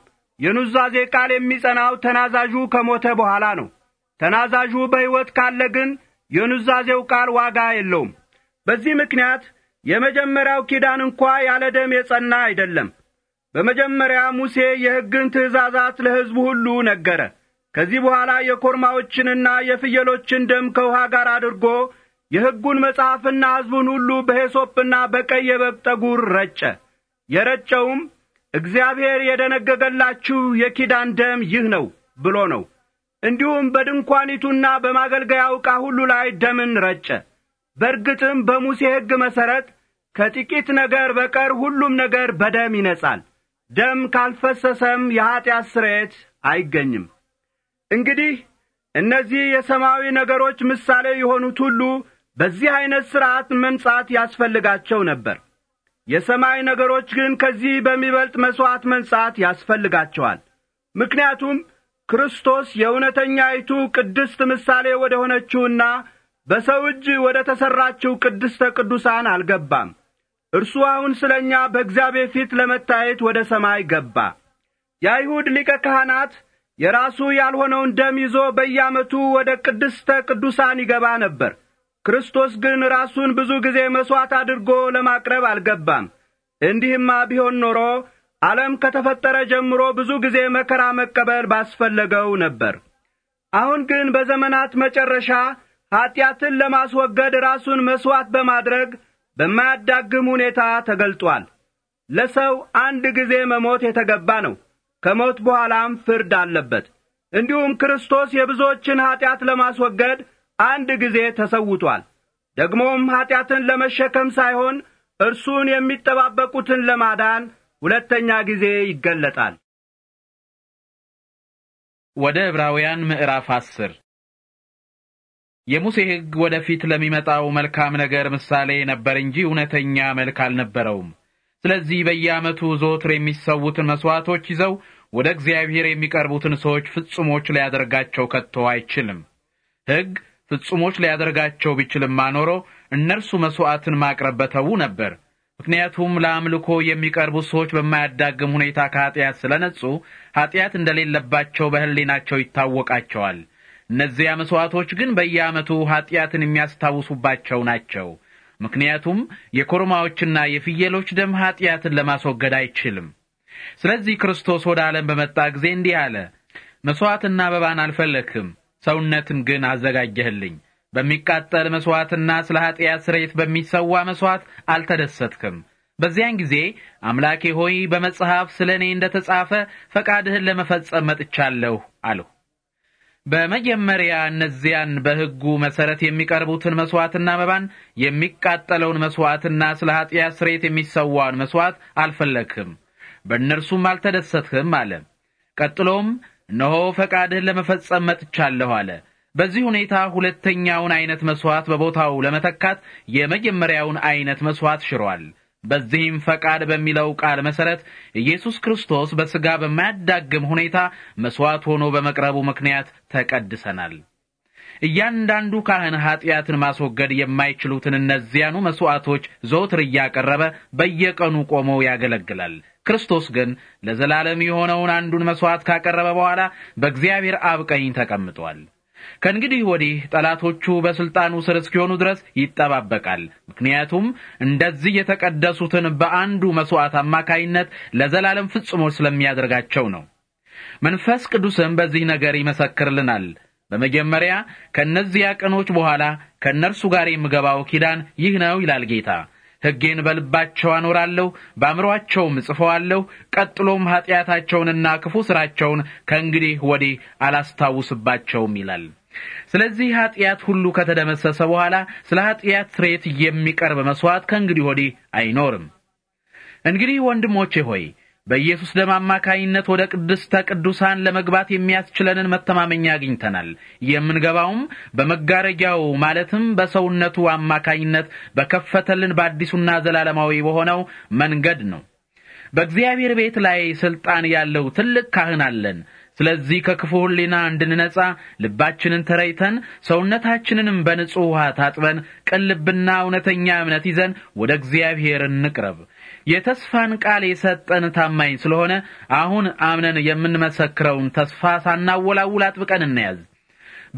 የኑዛዜ ቃል የሚጸናው ተናዛዡ ከሞተ በኋላ ነው። ተናዛዡ በሕይወት ካለ ግን የኑዛዜው ቃል ዋጋ የለውም። በዚህ ምክንያት የመጀመሪያው ኪዳን እንኳ ያለ ደም የጸና አይደለም። በመጀመሪያ ሙሴ የሕግን ትእዛዛት ለሕዝቡ ሁሉ ነገረ። ከዚህ በኋላ የኮርማዎችንና የፍየሎችን ደም ከውሃ ጋር አድርጎ የሕጉን መጽሐፍና ሕዝቡን ሁሉ በሄሶፕና በቀይ የበግ ጠጉር ረጨ። የረጨውም እግዚአብሔር የደነገገላችሁ የኪዳን ደም ይህ ነው ብሎ ነው። እንዲሁም በድንኳኒቱና በማገልገያው ዕቃ ሁሉ ላይ ደምን ረጨ። በርግጥም በሙሴ ሕግ መሠረት ከጥቂት ነገር በቀር ሁሉም ነገር በደም ይነጻል። ደም ካልፈሰሰም የኀጢአት ስርየት አይገኝም። እንግዲህ እነዚህ የሰማያዊ ነገሮች ምሳሌ የሆኑት ሁሉ በዚህ ዐይነት ሥርዓት መምጻት ያስፈልጋቸው ነበር። የሰማይ ነገሮች ግን ከዚህ በሚበልጥ መሥዋዕት መንጻት ያስፈልጋቸዋል። ምክንያቱም ክርስቶስ የእውነተኛይቱ ቅድስት ምሳሌ ወደ ሆነችውና በሰው እጅ ወደ ተሠራችው ቅድስተ ቅዱሳን አልገባም። እርሱ አሁን ስለ እኛ በእግዚአብሔር ፊት ለመታየት ወደ ሰማይ ገባ። የአይሁድ ሊቀ ካህናት የራሱ ያልሆነውን ደም ይዞ በየዓመቱ ወደ ቅድስተ ቅዱሳን ይገባ ነበር። ክርስቶስ ግን ራሱን ብዙ ጊዜ መሥዋዕት አድርጎ ለማቅረብ አልገባም። እንዲህማ ቢሆን ኖሮ ዓለም ከተፈጠረ ጀምሮ ብዙ ጊዜ መከራ መቀበል ባስፈለገው ነበር። አሁን ግን በዘመናት መጨረሻ ኀጢአትን ለማስወገድ ራሱን መሥዋዕት በማድረግ በማያዳግም ሁኔታ ተገልጧል። ለሰው አንድ ጊዜ መሞት የተገባ ነው። ከሞት በኋላም ፍርድ አለበት። እንዲሁም ክርስቶስ የብዙዎችን ኀጢአት ለማስወገድ አንድ ጊዜ ተሰውቷል። ደግሞም ኀጢአትን ለመሸከም ሳይሆን እርሱን የሚጠባበቁትን ለማዳን ሁለተኛ ጊዜ ይገለጣል። ወደ ዕብራውያን ምዕራፍ አስር የሙሴ ሕግ ወደፊት ለሚመጣው መልካም ነገር ምሳሌ ነበር እንጂ እውነተኛ መልክ አልነበረውም። ስለዚህ በየዓመቱ ዞትር የሚሰዉትን መሥዋዕቶች ይዘው ወደ እግዚአብሔር የሚቀርቡትን ሰዎች ፍጹሞች ሊያደርጋቸው ከቶ አይችልም። ሕግ ፍጹሞች ሊያደርጋቸው ቢችልማ ኖሮ እነርሱ መሥዋዕትን ማቅረብ በተዉ ነበር። ምክንያቱም ለአምልኮ የሚቀርቡ ሰዎች በማያዳግም ሁኔታ ከኀጢአት ስለ ነጹ ኀጢአት እንደሌለባቸው በሕሊናቸው ይታወቃቸዋል። እነዚያ መሥዋዕቶች ግን በየዓመቱ ኀጢአትን የሚያስታውሱባቸው ናቸው። ምክንያቱም የኮርማዎችና የፍየሎች ደም ኀጢአትን ለማስወገድ አይችልም። ስለዚህ ክርስቶስ ወደ ዓለም በመጣ ጊዜ እንዲህ አለ፣ መሥዋዕትና በባን አልፈለግህም፣ ሰውነትን ግን አዘጋጀህልኝ። በሚቃጠል መሥዋዕትና ስለ ኀጢአት ስርየት በሚሰዋ መሥዋዕት አልተደሰትክም። በዚያን ጊዜ አምላኬ ሆይ በመጽሐፍ ስለ እኔ እንደ ተጻፈ ፈቃድህን ለመፈጸም መጥቻለሁ አልሁ። በመጀመሪያ እነዚያን በሕጉ መሠረት የሚቀርቡትን መሥዋዕትና መባን የሚቃጠለውን መሥዋዕትና ስለ ኀጢአት ስሬት የሚሰዋውን መሥዋዕት አልፈለግህም፣ በእነርሱም አልተደሰትህም አለ። ቀጥሎም እነሆ ፈቃድህን ለመፈጸም መጥቻለሁ አለ። በዚህ ሁኔታ ሁለተኛውን ዐይነት መሥዋዕት በቦታው ለመተካት የመጀመሪያውን ዐይነት መሥዋዕት ሽሯል። በዚህም ፈቃድ በሚለው ቃል መሰረት ኢየሱስ ክርስቶስ በሥጋ በማያዳግም ሁኔታ መሥዋዕት ሆኖ በመቅረቡ ምክንያት ተቀድሰናል። እያንዳንዱ ካህን ኀጢአትን ማስወገድ የማይችሉትን እነዚያኑ መሥዋዕቶች ዘውትር እያቀረበ በየቀኑ ቆሞ ያገለግላል። ክርስቶስ ግን ለዘላለም የሆነውን አንዱን መሥዋዕት ካቀረበ በኋላ በእግዚአብሔር አብ ቀኝ ተቀምጧል። ከእንግዲህ ወዲህ ጠላቶቹ በሥልጣኑ ስር እስኪሆኑ ድረስ ይጠባበቃል። ምክንያቱም እንደዚህ የተቀደሱትን በአንዱ መሥዋዕት አማካይነት ለዘላለም ፍጹሞች ስለሚያደርጋቸው ነው። መንፈስ ቅዱስም በዚህ ነገር ይመሰክርልናል። በመጀመሪያ ከእነዚያ ቀኖች በኋላ ከእነርሱ ጋር የምገባው ኪዳን ይህ ነው ይላል ጌታ ሕጌን በልባቸው አኖራለሁ፣ በአእምሮአቸውም ጽፈዋለሁ። ቀጥሎም ኀጢአታቸውንና ክፉ ሥራቸውን ከእንግዲህ ወዲህ አላስታውስባቸውም ይላል። ስለዚህ ኀጢአት ሁሉ ከተደመሰሰ በኋላ ስለ ኀጢአት ስርየት የሚቀርብ መሥዋዕት ከእንግዲህ ወዲህ አይኖርም። እንግዲህ ወንድሞቼ ሆይ በኢየሱስ ደም አማካይነት ወደ ቅድስተ ቅዱሳን ለመግባት የሚያስችለንን መተማመኛ አግኝተናል። የምንገባውም በመጋረጃው ማለትም በሰውነቱ አማካይነት በከፈተልን በአዲሱና ዘላለማዊ በሆነው መንገድ ነው። በእግዚአብሔር ቤት ላይ ሥልጣን ያለው ትልቅ ካህን አለን። ስለዚህ ከክፉ ሕሊና እንድንነጻ ልባችንን ተረይተን ሰውነታችንንም በንጹሕ ውሃ ታጥበን ቅን ልብና እውነተኛ እምነት ይዘን ወደ እግዚአብሔር እንቅረብ። የተስፋን ቃል የሰጠን ታማኝ ስለሆነ አሁን አምነን የምንመሰክረውን ተስፋ ሳናወላውል አጥብቀን እናያዝ።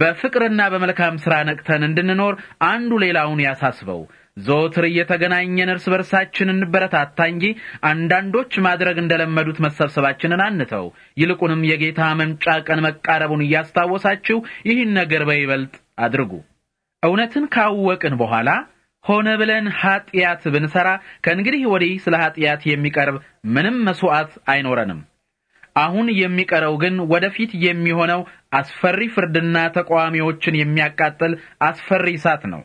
በፍቅርና በመልካም ሥራ ነቅተን እንድንኖር አንዱ ሌላውን ያሳስበው። ዘወትር እየተገናኘን እርስ በርሳችን እንበረታታ እንጂ አንዳንዶች ማድረግ እንደለመዱት መሰብሰባችንን አንተው። ይልቁንም የጌታ መምጫ ቀን መቃረቡን እያስታወሳችሁ ይህን ነገር በይበልጥ አድርጉ። እውነትን ካወቅን በኋላ ሆነ ብለን ኃጢአት ብንሰራ ከእንግዲህ ወዲህ ስለ ኃጢአት የሚቀርብ ምንም መስዋዕት አይኖረንም። አሁን የሚቀረው ግን ወደፊት የሚሆነው አስፈሪ ፍርድና ተቃዋሚዎችን የሚያቃጥል አስፈሪ እሳት ነው።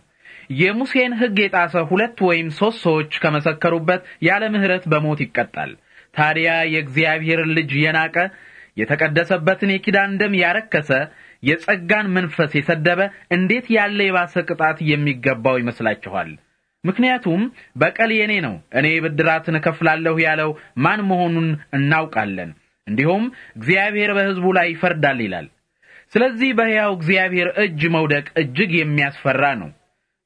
የሙሴን ሕግ የጣሰ ሁለት ወይም ሦስት ሰዎች ከመሰከሩበት ያለ ምሕረት በሞት ይቀጣል። ታዲያ የእግዚአብሔርን ልጅ የናቀ የተቀደሰበትን የኪዳን ደም ያረከሰ የጸጋን መንፈስ የሰደበ እንዴት ያለ የባሰ ቅጣት የሚገባው ይመስላችኋል? ምክንያቱም በቀል የኔ ነው፣ እኔ ብድራትን እከፍላለሁ ያለው ማን መሆኑን እናውቃለን። እንዲሁም እግዚአብሔር በሕዝቡ ላይ ይፈርዳል ይላል። ስለዚህ በሕያው እግዚአብሔር እጅ መውደቅ እጅግ የሚያስፈራ ነው።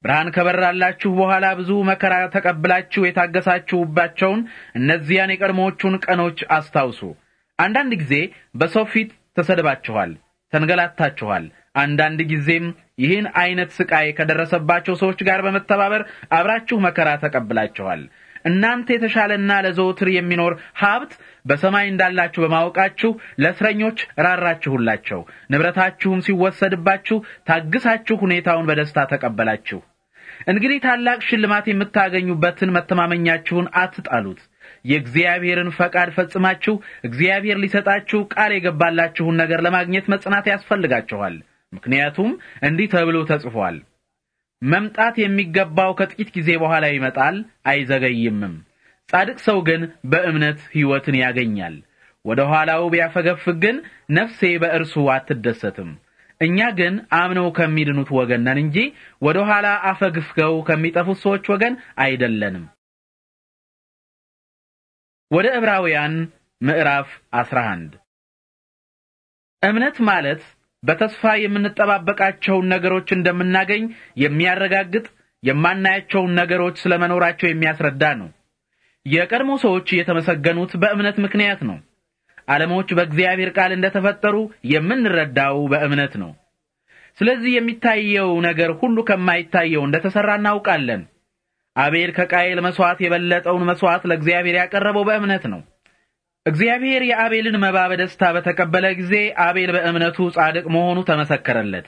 ብርሃን ከበራላችሁ በኋላ ብዙ መከራ ተቀብላችሁ የታገሳችሁባቸውን እነዚያን የቀድሞዎቹን ቀኖች አስታውሱ። አንዳንድ ጊዜ በሰው ፊት ተሰድባችኋል። ተንገላታችኋል። አንዳንድ ጊዜም ይህን አይነት ስቃይ ከደረሰባቸው ሰዎች ጋር በመተባበር አብራችሁ መከራ ተቀብላችኋል። እናንተ የተሻለና ለዘወትር የሚኖር ሀብት በሰማይ እንዳላችሁ በማወቃችሁ ለእስረኞች ራራችሁላቸው። ንብረታችሁም ሲወሰድባችሁ ታግሳችሁ ሁኔታውን በደስታ ተቀበላችሁ። እንግዲህ ታላቅ ሽልማት የምታገኙበትን መተማመኛችሁን አትጣሉት። የእግዚአብሔርን ፈቃድ ፈጽማችሁ እግዚአብሔር ሊሰጣችሁ ቃል የገባላችሁን ነገር ለማግኘት መጽናት ያስፈልጋችኋል። ምክንያቱም እንዲህ ተብሎ ተጽፏል፣ መምጣት የሚገባው ከጥቂት ጊዜ በኋላ ይመጣል አይዘገይምም። ጻድቅ ሰው ግን በእምነት ሕይወትን ያገኛል። ወደ ኋላው ቢያፈገፍግ ግን ነፍሴ በእርሱ አትደሰትም። እኛ ግን አምነው ከሚድኑት ወገን ነን እንጂ ወደ ኋላ አፈግፍገው ከሚጠፉት ሰዎች ወገን አይደለንም። ወደ ዕብራውያን ምዕራፍ 11 እምነት ማለት በተስፋ የምንጠባበቃቸውን ነገሮች እንደምናገኝ የሚያረጋግጥ የማናያቸውን ነገሮች ስለመኖራቸው የሚያስረዳ ነው። የቀድሞ ሰዎች የተመሰገኑት በእምነት ምክንያት ነው። ዓለሞች በእግዚአብሔር ቃል እንደተፈጠሩ የምንረዳው በእምነት ነው። ስለዚህ የሚታየው ነገር ሁሉ ከማይታየው እንደተሰራ እናውቃለን። አቤል ከቃየል መስዋዕት የበለጠውን መስዋዕት ለእግዚአብሔር ያቀረበው በእምነት ነው። እግዚአብሔር የአቤልን መባ በደስታ በተቀበለ ጊዜ አቤል በእምነቱ ጻድቅ መሆኑ ተመሰከረለት።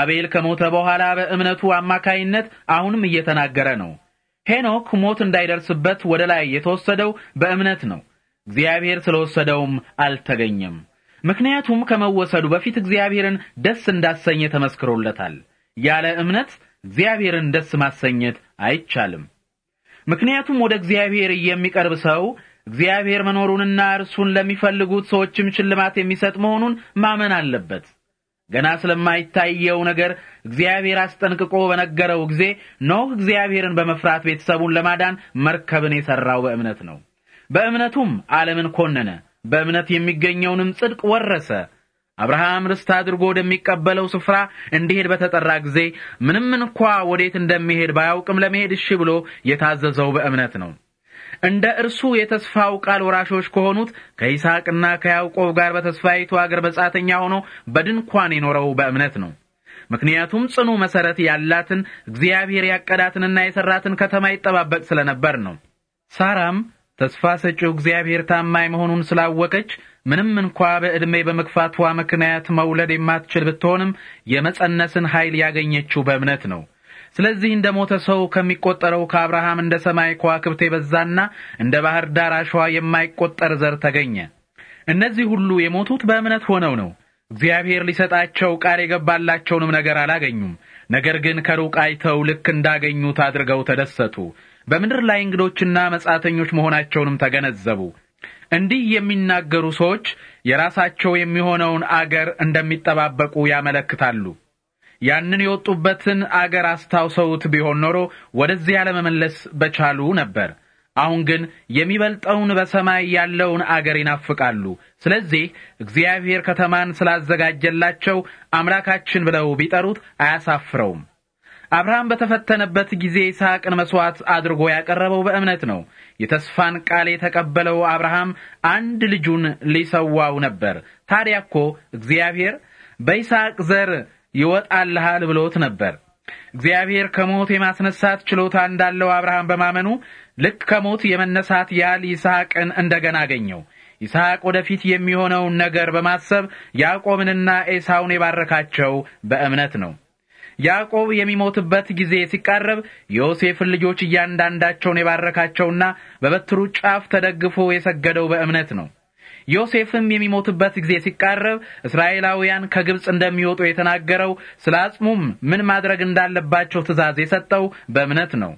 አቤል ከሞተ በኋላ በእምነቱ አማካይነት አሁንም እየተናገረ ነው። ሄኖክ ሞት እንዳይደርስበት ወደ ላይ የተወሰደው በእምነት ነው። እግዚአብሔር ስለወሰደውም አልተገኘም። ምክንያቱም ከመወሰዱ በፊት እግዚአብሔርን ደስ እንዳሰኘ ተመስክሮለታል። ያለ እምነት እግዚአብሔርን ደስ ማሰኘት አይቻልም። ምክንያቱም ወደ እግዚአብሔር የሚቀርብ ሰው እግዚአብሔር መኖሩንና እርሱን ለሚፈልጉት ሰዎችም ሽልማት የሚሰጥ መሆኑን ማመን አለበት። ገና ስለማይታየው ነገር እግዚአብሔር አስጠንቅቆ በነገረው ጊዜ ኖህ እግዚአብሔርን በመፍራት ቤተሰቡን ለማዳን መርከብን የሠራው በእምነት ነው። በእምነቱም ዓለምን ኮነነ፣ በእምነት የሚገኘውንም ጽድቅ ወረሰ። አብርሃም ርስት አድርጎ ወደሚቀበለው ስፍራ እንዲሄድ በተጠራ ጊዜ ምንም እንኳ ወዴት እንደሚሄድ ባያውቅም ለመሄድ እሺ ብሎ የታዘዘው በእምነት ነው። እንደ እርሱ የተስፋው ቃል ወራሾች ከሆኑት ከይስሐቅና ከያዕቆብ ጋር በተስፋይቱ አገር በጻተኛ ሆኖ በድንኳን የኖረው በእምነት ነው። ምክንያቱም ጽኑ መሠረት ያላትን እግዚአብሔር ያቀዳትንና የሠራትን ከተማ ይጠባበቅ ስለነበር ነው። ሳራም ተስፋ ሰጪው እግዚአብሔር ታማኝ መሆኑን ስላወቀች ምንም እንኳ በዕድሜ በመግፋቷ ምክንያት መውለድ የማትችል ብትሆንም የመጸነስን ኃይል ያገኘችው በእምነት ነው። ስለዚህ እንደ ሞተ ሰው ከሚቆጠረው ከአብርሃም እንደ ሰማይ ከዋክብት የበዛና እንደ ባህር ዳር አሸዋ የማይቆጠር ዘር ተገኘ። እነዚህ ሁሉ የሞቱት በእምነት ሆነው ነው። እግዚአብሔር ሊሰጣቸው ቃል የገባላቸውንም ነገር አላገኙም። ነገር ግን ከሩቅ አይተው ልክ እንዳገኙት አድርገው ተደሰቱ። በምድር ላይ እንግዶችና መጻተኞች መሆናቸውንም ተገነዘቡ። እንዲህ የሚናገሩ ሰዎች የራሳቸው የሚሆነውን አገር እንደሚጠባበቁ ያመለክታሉ። ያንን የወጡበትን አገር አስታውሰውት ቢሆን ኖሮ ወደዚያ ለመመለስ በቻሉ ነበር። አሁን ግን የሚበልጠውን በሰማይ ያለውን አገር ይናፍቃሉ። ስለዚህ እግዚአብሔር ከተማን ስላዘጋጀላቸው አምላካችን ብለው ቢጠሩት አያሳፍረውም። አብርሃም በተፈተነበት ጊዜ ይስሐቅን መሥዋዕት አድርጎ ያቀረበው በእምነት ነው። የተስፋን ቃል የተቀበለው አብርሃም አንድ ልጁን ሊሰዋው ነበር። ታዲያ እኮ እግዚአብሔር በይስሐቅ ዘር ይወጣልሃል ብሎት ነበር። እግዚአብሔር ከሞት የማስነሳት ችሎታ እንዳለው አብርሃም በማመኑ ልክ ከሞት የመነሳት ያህል ይስሐቅን እንደገና አገኘው። ይስሐቅ ወደፊት የሚሆነውን ነገር በማሰብ ያዕቆብንና ኤሳውን የባረካቸው በእምነት ነው። ያዕቆብ የሚሞትበት ጊዜ ሲቃረብ ዮሴፍን ልጆች እያንዳንዳቸውን የባረካቸውና በበትሩ ጫፍ ተደግፎ የሰገደው በእምነት ነው። ዮሴፍም የሚሞትበት ጊዜ ሲቃረብ እስራኤላውያን ከግብፅ እንደሚወጡ የተናገረው ስለ አጽሙም ምን ማድረግ እንዳለባቸው ትእዛዝ የሰጠው በእምነት ነው።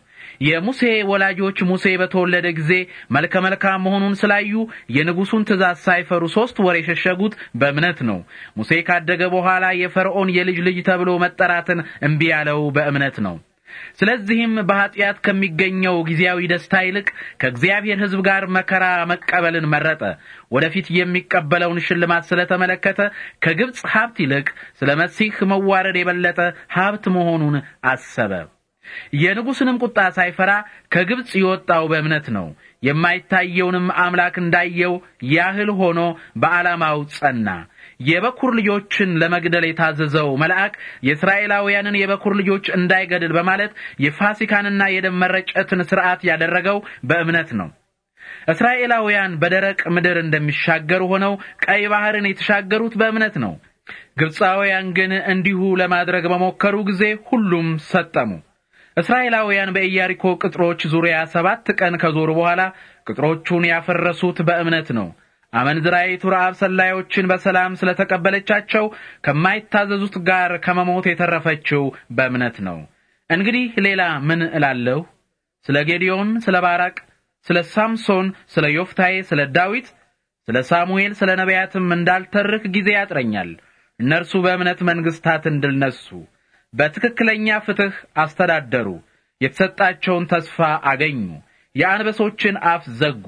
የሙሴ ወላጆች ሙሴ በተወለደ ጊዜ መልከ መልካም መሆኑን ስላዩ የንጉሱን ትእዛዝ ሳይፈሩ ሶስት ወር የሸሸጉት በእምነት ነው። ሙሴ ካደገ በኋላ የፈርዖን የልጅ ልጅ ተብሎ መጠራትን እምቢ ያለው በእምነት ነው። ስለዚህም በኃጢአት ከሚገኘው ጊዜያዊ ደስታ ይልቅ ከእግዚአብሔር ሕዝብ ጋር መከራ መቀበልን መረጠ። ወደፊት የሚቀበለውን ሽልማት ስለተመለከተ ከግብፅ ሀብት ይልቅ ስለ መሲህ መዋረድ የበለጠ ሀብት መሆኑን አሰበ። የንጉሥንም ቁጣ ሳይፈራ ከግብፅ የወጣው በእምነት ነው። የማይታየውንም አምላክ እንዳየው ያህል ሆኖ በዓላማው ጸና። የበኩር ልጆችን ለመግደል የታዘዘው መልአክ የእስራኤላውያንን የበኩር ልጆች እንዳይገድል በማለት የፋሲካንና የደም መረጨትን ሥርዓት ያደረገው በእምነት ነው። እስራኤላውያን በደረቅ ምድር እንደሚሻገሩ ሆነው ቀይ ባህርን የተሻገሩት በእምነት ነው። ግብፃውያን ግን እንዲሁ ለማድረግ በሞከሩ ጊዜ ሁሉም ሰጠሙ። እስራኤላውያን በኢያሪኮ ቅጥሮች ዙሪያ ሰባት ቀን ከዞሩ በኋላ ቅጥሮቹን ያፈረሱት በእምነት ነው። አመንዝራይቱ ረዓብ ሰላዮችን በሰላም ስለተቀበለቻቸው ከማይታዘዙት ጋር ከመሞት የተረፈችው በእምነት ነው። እንግዲህ ሌላ ምን እላለሁ? ስለ ጌዲዮን፣ ስለ ባራቅ፣ ስለ ሳምሶን፣ ስለ ዮፍታዬ፣ ስለ ዳዊት፣ ስለ ሳሙኤል፣ ስለ ነቢያትም እንዳልተርክ ጊዜ ያጥረኛል። እነርሱ በእምነት መንግሥታትን ድል ነሡ። በትክክለኛ ፍትህ አስተዳደሩ። የተሰጣቸውን ተስፋ አገኙ። የአንበሶችን አፍ ዘጉ።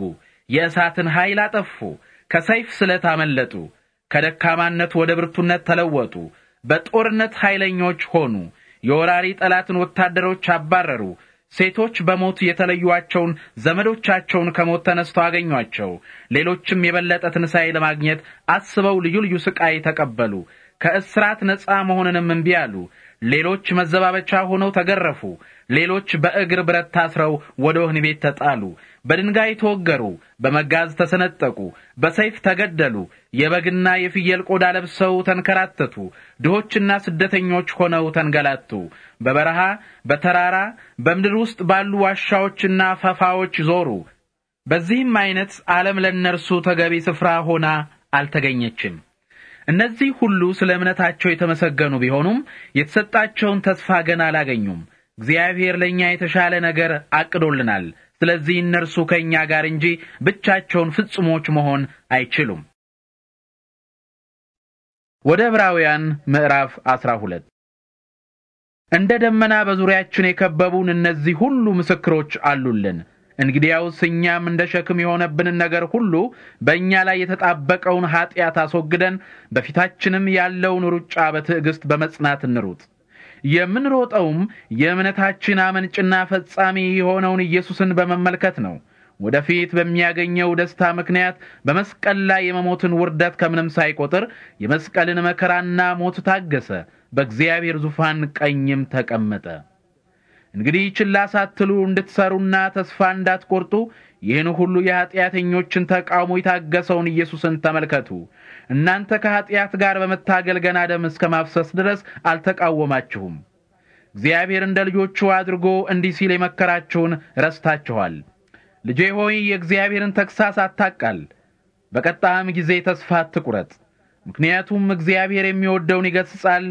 የእሳትን ኃይል አጠፉ። ከሰይፍ ስለት አመለጡ። ከደካማነት ወደ ብርቱነት ተለወጡ። በጦርነት ኃይለኞች ሆኑ። የወራሪ ጠላትን ወታደሮች አባረሩ። ሴቶች በሞት የተለዩአቸውን ዘመዶቻቸውን ከሞት ተነስተው አገኟቸው። ሌሎችም የበለጠ ትንሣኤ ለማግኘት አስበው ልዩ ልዩ ሥቃይ ተቀበሉ። ከእስራት ነፃ መሆንንም እምቢ አሉ። ሌሎች መዘባበቻ ሆነው ተገረፉ። ሌሎች በእግር ብረት ታስረው ወደ ወህኒ ቤት ተጣሉ። በድንጋይ ተወገሩ፣ በመጋዝ ተሰነጠቁ፣ በሰይፍ ተገደሉ። የበግና የፍየል ቆዳ ለብሰው ተንከራተቱ። ድሆችና ስደተኞች ሆነው ተንገላቱ። በበረሃ በተራራ በምድር ውስጥ ባሉ ዋሻዎችና ፈፋዎች ዞሩ። በዚህም አይነት ዓለም ለእነርሱ ተገቢ ስፍራ ሆና አልተገኘችም። እነዚህ ሁሉ ስለ እምነታቸው የተመሰገኑ ቢሆኑም የተሰጣቸውን ተስፋ ገና አላገኙም። እግዚአብሔር ለእኛ የተሻለ ነገር አቅዶልናል። ስለዚህ እነርሱ ከእኛ ጋር እንጂ ብቻቸውን ፍጹሞች መሆን አይችሉም። ወደ ዕብራውያን ምዕራፍ አስራ ሁለት እንደ ደመና በዙሪያችን የከበቡን እነዚህ ሁሉ ምስክሮች አሉልን። እንግዲያውስ እኛም እንደ ሸክም የሆነብንን ነገር ሁሉ በእኛ ላይ የተጣበቀውን ኀጢአት አስወግደን በፊታችንም ያለውን ሩጫ በትዕግስት በመጽናት እንሩጥ። የምንሮጠውም የእምነታችን አመንጭና ፈጻሚ የሆነውን ኢየሱስን በመመልከት ነው። ወደፊት በሚያገኘው ደስታ ምክንያት በመስቀል ላይ የመሞትን ውርደት ከምንም ሳይቆጥር የመስቀልን መከራና ሞት ታገሰ፣ በእግዚአብሔር ዙፋን ቀኝም ተቀመጠ። እንግዲህ ችላ ሳትሉ እንድትሰሩና ተስፋ እንዳትቆርጡ ይህን ሁሉ የኀጢአተኞችን ተቃውሞ የታገሰውን ኢየሱስን ተመልከቱ። እናንተ ከኀጢአት ጋር በመታገል ገና ደም እስከ ማፍሰስ ድረስ አልተቃወማችሁም። እግዚአብሔር እንደ ልጆቹ አድርጎ እንዲህ ሲል የመከራችሁን ረስታችኋል። ልጄ ሆይ የእግዚአብሔርን ተግሣጽ አታቃል፣ በቀጣም ጊዜ ተስፋ አትቁረጥ። ምክንያቱም እግዚአብሔር የሚወደውን ይገሥጻል፣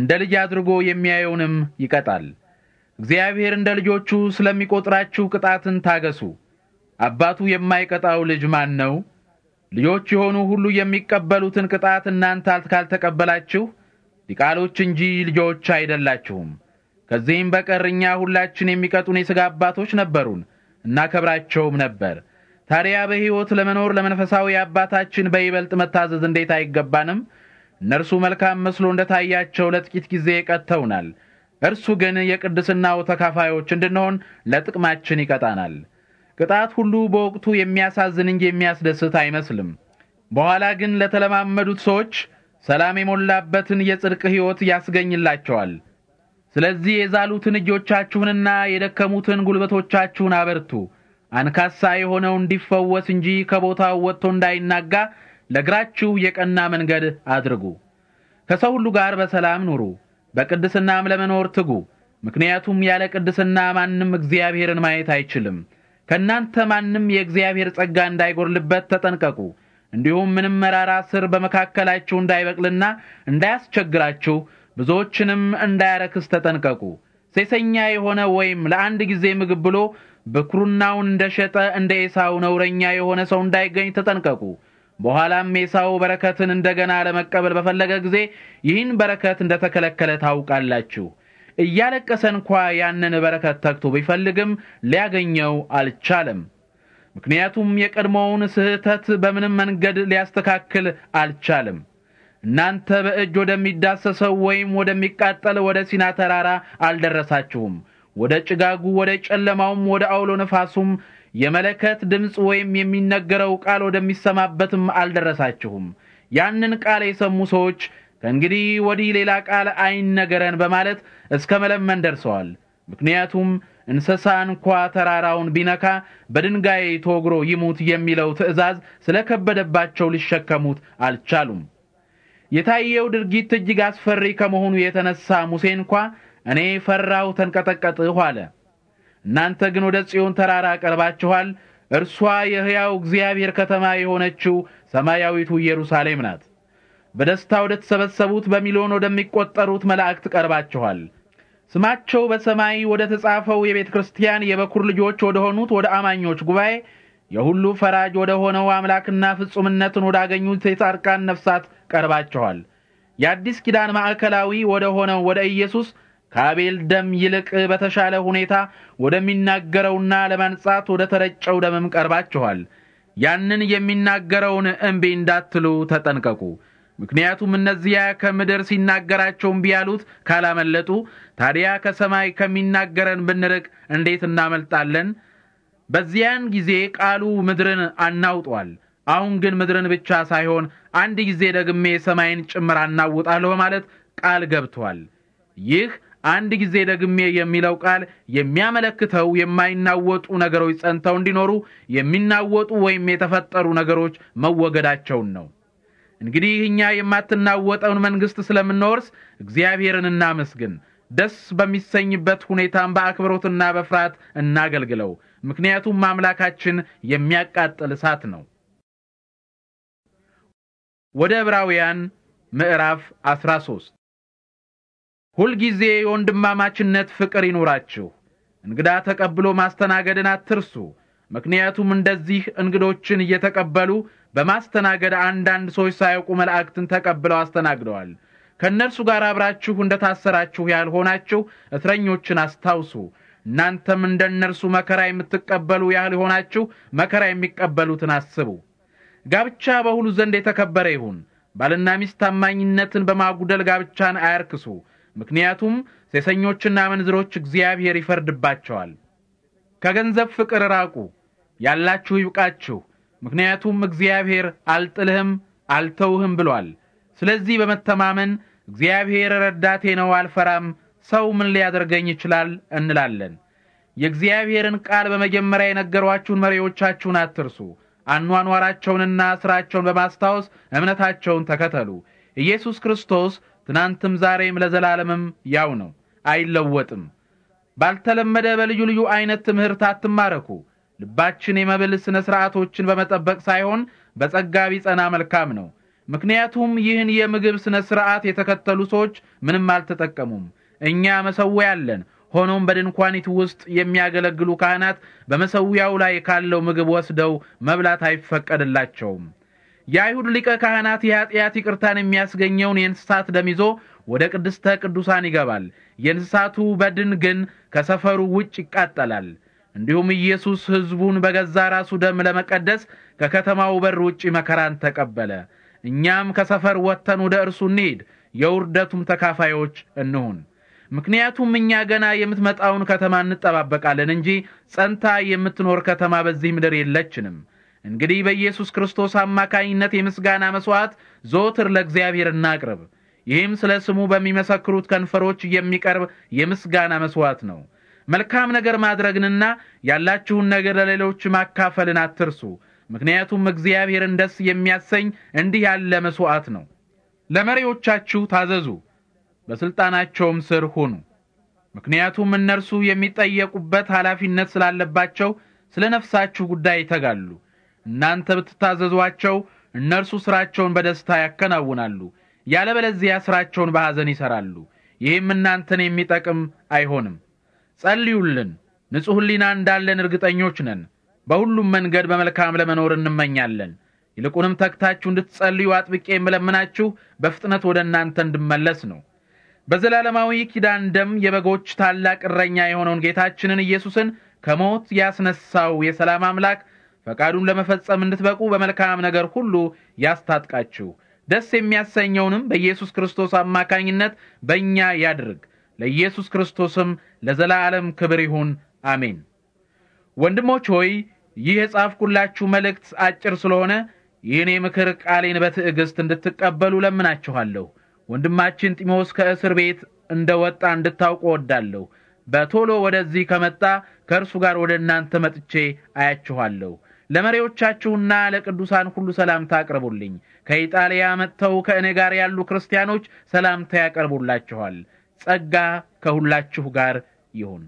እንደ ልጅ አድርጎ የሚያየውንም ይቀጣል። እግዚአብሔር እንደ ልጆቹ ስለሚቆጥራችሁ ቅጣትን ታገሱ። አባቱ የማይቀጣው ልጅ ማን ነው? ልጆች የሆኑ ሁሉ የሚቀበሉትን ቅጣት እናንተ ካልተቀበላችሁ ዲቃሎች እንጂ ልጆች አይደላችሁም። ከዚህም በቀር እኛ ሁላችን የሚቀጡን የሥጋ አባቶች ነበሩን፣ እናከብራቸውም ነበር። ታዲያ በሕይወት ለመኖር ለመንፈሳዊ አባታችን በይበልጥ መታዘዝ እንዴት አይገባንም? እነርሱ መልካም መስሎ እንደታያቸው ለጥቂት ጊዜ ቀጥተውናል። እርሱ ግን የቅድስናው ተካፋዮች እንድንሆን ለጥቅማችን ይቀጣናል። ቅጣት ሁሉ በወቅቱ የሚያሳዝን እንጂ የሚያስደስት አይመስልም። በኋላ ግን ለተለማመዱት ሰዎች ሰላም የሞላበትን የጽድቅ ሕይወት ያስገኝላቸዋል። ስለዚህ የዛሉትን እጆቻችሁንና የደከሙትን ጉልበቶቻችሁን አበርቱ። አንካሳ የሆነው እንዲፈወስ እንጂ ከቦታው ወጥቶ እንዳይናጋ ለእግራችሁ የቀና መንገድ አድርጉ። ከሰው ሁሉ ጋር በሰላም ኑሩ። በቅድስናም ለመኖር ትጉ። ምክንያቱም ያለ ቅድስና ማንም እግዚአብሔርን ማየት አይችልም። ከእናንተ ማንም የእግዚአብሔር ጸጋ እንዳይጎድልበት ተጠንቀቁ። እንዲሁም ምንም መራራ ስር በመካከላችሁ እንዳይበቅልና እንዳያስቸግራችሁ ብዙዎችንም እንዳያረክስ ተጠንቀቁ። ሴሰኛ የሆነ ወይም ለአንድ ጊዜ ምግብ ብሎ ብኩርናውን እንደሸጠ እንደ ኤሳው ነውረኛ የሆነ ሰው እንዳይገኝ ተጠንቀቁ። በኋላም ኤሳው በረከትን እንደገና ለመቀበል በፈለገ ጊዜ ይህን በረከት እንደተከለከለ ታውቃላችሁ። እያለቀሰ እንኳ ያንን በረከት ተክቶ ቢፈልግም ሊያገኘው አልቻለም። ምክንያቱም የቀድሞውን ስህተት በምንም መንገድ ሊያስተካክል አልቻለም። እናንተ በእጅ ወደሚዳሰሰው ወይም ወደሚቃጠል ወደ ሲና ተራራ አልደረሳችሁም፣ ወደ ጭጋጉ፣ ወደ ጨለማውም፣ ወደ አውሎ ነፋሱም የመለከት ድምፅ ወይም የሚነገረው ቃል ወደሚሰማበትም አልደረሳችሁም። ያንን ቃል የሰሙ ሰዎች ከእንግዲህ ወዲህ ሌላ ቃል አይነገረን በማለት እስከ መለመን ደርሰዋል። ምክንያቱም እንስሳ እንኳ ተራራውን ቢነካ በድንጋይ ተወግሮ ይሙት የሚለው ትዕዛዝ ስለከበደባቸው ሊሸከሙት አልቻሉም። የታየው ድርጊት እጅግ አስፈሪ ከመሆኑ የተነሳ ሙሴ እንኳ እኔ ፈራው፣ ተንቀጠቀጥሁ አለ። እናንተ ግን ወደ ጽዮን ተራራ ቀርባችኋል። እርሷ የሕያው እግዚአብሔር ከተማ የሆነችው ሰማያዊቱ ኢየሩሳሌም ናት። በደስታ ወደ ተሰበሰቡት በሚሊዮን ወደሚቆጠሩት መላእክት ቀርባችኋል። ስማቸው በሰማይ ወደ ተጻፈው የቤተ ክርስቲያን የበኩር ልጆች ወደ ሆኑት ወደ አማኞች ጉባኤ የሁሉ ፈራጅ ወደ ሆነው አምላክና ፍጹምነትን ወዳገኙት የጻድቃን ነፍሳት ቀርባችኋል። የአዲስ ኪዳን ማዕከላዊ ወደ ሆነው ወደ ኢየሱስ ከአቤል ደም ይልቅ በተሻለ ሁኔታ ወደሚናገረውና ለማንጻት ወደ ተረጨው ደምም ቀርባችኋል። ያንን የሚናገረውን እምቢ እንዳትሉ ተጠንቀቁ። ምክንያቱም እነዚያ ከምድር ሲናገራቸው እምቢ ያሉት ካላመለጡ፣ ታዲያ ከሰማይ ከሚናገረን ብንርቅ እንዴት እናመልጣለን? በዚያን ጊዜ ቃሉ ምድርን አናውጧል። አሁን ግን ምድርን ብቻ ሳይሆን አንድ ጊዜ ደግሜ ሰማይን ጭምር አናውጣለሁ በማለት ቃል ገብቷል። ይህ አንድ ጊዜ ደግሜ የሚለው ቃል የሚያመለክተው የማይናወጡ ነገሮች ጸንተው እንዲኖሩ የሚናወጡ ወይም የተፈጠሩ ነገሮች መወገዳቸውን ነው። እንግዲህ እኛ የማትናወጠውን መንግሥት ስለምንወርስ እግዚአብሔርን እናመስግን። ደስ በሚሰኝበት ሁኔታም በአክብሮትና በፍርሃት እናገልግለው። ምክንያቱም አምላካችን የሚያቃጥል እሳት ነው። ወደ ዕብራውያን ምዕራፍ 13 ሁልጊዜ የወንድማማችነት ፍቅር ይኑራችሁ። እንግዳ ተቀብሎ ማስተናገድን አትርሱ። ምክንያቱም እንደዚህ እንግዶችን እየተቀበሉ በማስተናገድ አንዳንድ ሰዎች ሳያውቁ መላእክትን ተቀብለው አስተናግደዋል። ከእነርሱ ጋር አብራችሁ እንደ ታሰራችሁ ያልሆናችሁ እስረኞችን አስታውሱ። እናንተም እንደ እነርሱ መከራ የምትቀበሉ ያህል የሆናችሁ መከራ የሚቀበሉትን አስቡ። ጋብቻ በሁሉ ዘንድ የተከበረ ይሁን። ባልና ሚስት ታማኝነትን በማጉደል ጋብቻን አያርክሱ። ምክንያቱም ሴሰኞችና መንዝሮች እግዚአብሔር ይፈርድባቸዋል። ከገንዘብ ፍቅር ራቁ፣ ያላችሁ ይብቃችሁ፣ ምክንያቱም እግዚአብሔር አልጥልህም አልተውህም ብሏል። ስለዚህ በመተማመን እግዚአብሔር ረዳቴ ነው አልፈራም፣ ሰው ምን ሊያደርገኝ ይችላል እንላለን። የእግዚአብሔርን ቃል በመጀመሪያ የነገሯችሁን መሪዎቻችሁን አትርሱ። አኗኗራቸውንና ሥራቸውን በማስታወስ እምነታቸውን ተከተሉ። ኢየሱስ ክርስቶስ ትናንትም ዛሬም ለዘላለምም ያው ነው፣ አይለወጥም። ባልተለመደ በልዩ ልዩ አይነት ትምህርት አትማረኩ። ልባችን የመብል ስነ ስርዓቶችን በመጠበቅ ሳይሆን በጸጋ ቢጸና መልካም ነው። ምክንያቱም ይህን የምግብ ስነ ስርዓት የተከተሉ ሰዎች ምንም አልተጠቀሙም። እኛ መሠዊያ አለን። ሆኖም በድንኳኒት ውስጥ የሚያገለግሉ ካህናት በመሠዊያው ላይ ካለው ምግብ ወስደው መብላት አይፈቀድላቸውም። የአይሁድ ሊቀ ካህናት የኃጢአት ይቅርታን የሚያስገኘውን የእንስሳት ደም ይዞ ወደ ቅድስተ ቅዱሳን ይገባል። የእንስሳቱ በድን ግን ከሰፈሩ ውጭ ይቃጠላል። እንዲሁም ኢየሱስ ሕዝቡን በገዛ ራሱ ደም ለመቀደስ ከከተማው በር ውጭ መከራን ተቀበለ። እኛም ከሰፈር ወጥተን ወደ እርሱ እንሂድ፣ የውርደቱም ተካፋዮች እንሁን። ምክንያቱም እኛ ገና የምትመጣውን ከተማ እንጠባበቃለን እንጂ ጸንታ የምትኖር ከተማ በዚህ ምድር የለችንም። እንግዲህ በኢየሱስ ክርስቶስ አማካኝነት የምስጋና መሥዋዕት ዘወትር ለእግዚአብሔር እናቅርብ። ይህም ስለ ስሙ በሚመሰክሩት ከንፈሮች የሚቀርብ የምስጋና መሥዋዕት ነው። መልካም ነገር ማድረግንና ያላችሁን ነገር ለሌሎች ማካፈልን አትርሱ። ምክንያቱም እግዚአብሔርን ደስ የሚያሰኝ እንዲህ ያለ መሥዋዕት ነው። ለመሪዎቻችሁ ታዘዙ፣ በሥልጣናቸውም ስር ሁኑ። ምክንያቱም እነርሱ የሚጠየቁበት ኃላፊነት ስላለባቸው ስለ ነፍሳችሁ ጉዳይ ይተጋሉ። እናንተ ብትታዘዟቸው እነርሱ ሥራቸውን በደስታ ያከናውናሉ፣ ያለበለዚያ ሥራቸውን በሐዘን ይሠራሉ። ይህም እናንተን የሚጠቅም አይሆንም። ጸልዩልን። ንጹሕ ሕሊና እንዳለን እርግጠኞች ነን። በሁሉም መንገድ በመልካም ለመኖር እንመኛለን። ይልቁንም ተግታችሁ እንድትጸልዩ አጥብቄ የምለምናችሁ በፍጥነት ወደ እናንተ እንድመለስ ነው። በዘላለማዊ ኪዳን ደም የበጎች ታላቅ እረኛ የሆነውን ጌታችንን ኢየሱስን ከሞት ያስነሳው የሰላም አምላክ ፈቃዱን ለመፈጸም እንድትበቁ በመልካም ነገር ሁሉ ያስታጥቃችሁ። ደስ የሚያሰኘውንም በኢየሱስ ክርስቶስ አማካኝነት በእኛ ያድርግ። ለኢየሱስ ክርስቶስም ለዘላለም ክብር ይሁን፣ አሜን። ወንድሞች ሆይ ይህ የጻፍኩላችሁ መልእክት አጭር ስለሆነ ይህን የምክር ቃሌን በትዕግሥት እንድትቀበሉ ለምናችኋለሁ። ወንድማችን ጢሞስ ከእስር ቤት እንደ ወጣ እንድታውቁ ወዳለሁ በቶሎ ወደዚህ ከመጣ ከእርሱ ጋር ወደ እናንተ መጥቼ አያችኋለሁ። ለመሪዎቻችሁና ለቅዱሳን ሁሉ ሰላምታ አቅርቡልኝ። ከኢጣሊያ መጥተው ከእኔ ጋር ያሉ ክርስቲያኖች ሰላምታ ያቀርቡላችኋል። ጸጋ ከሁላችሁ ጋር ይሁን።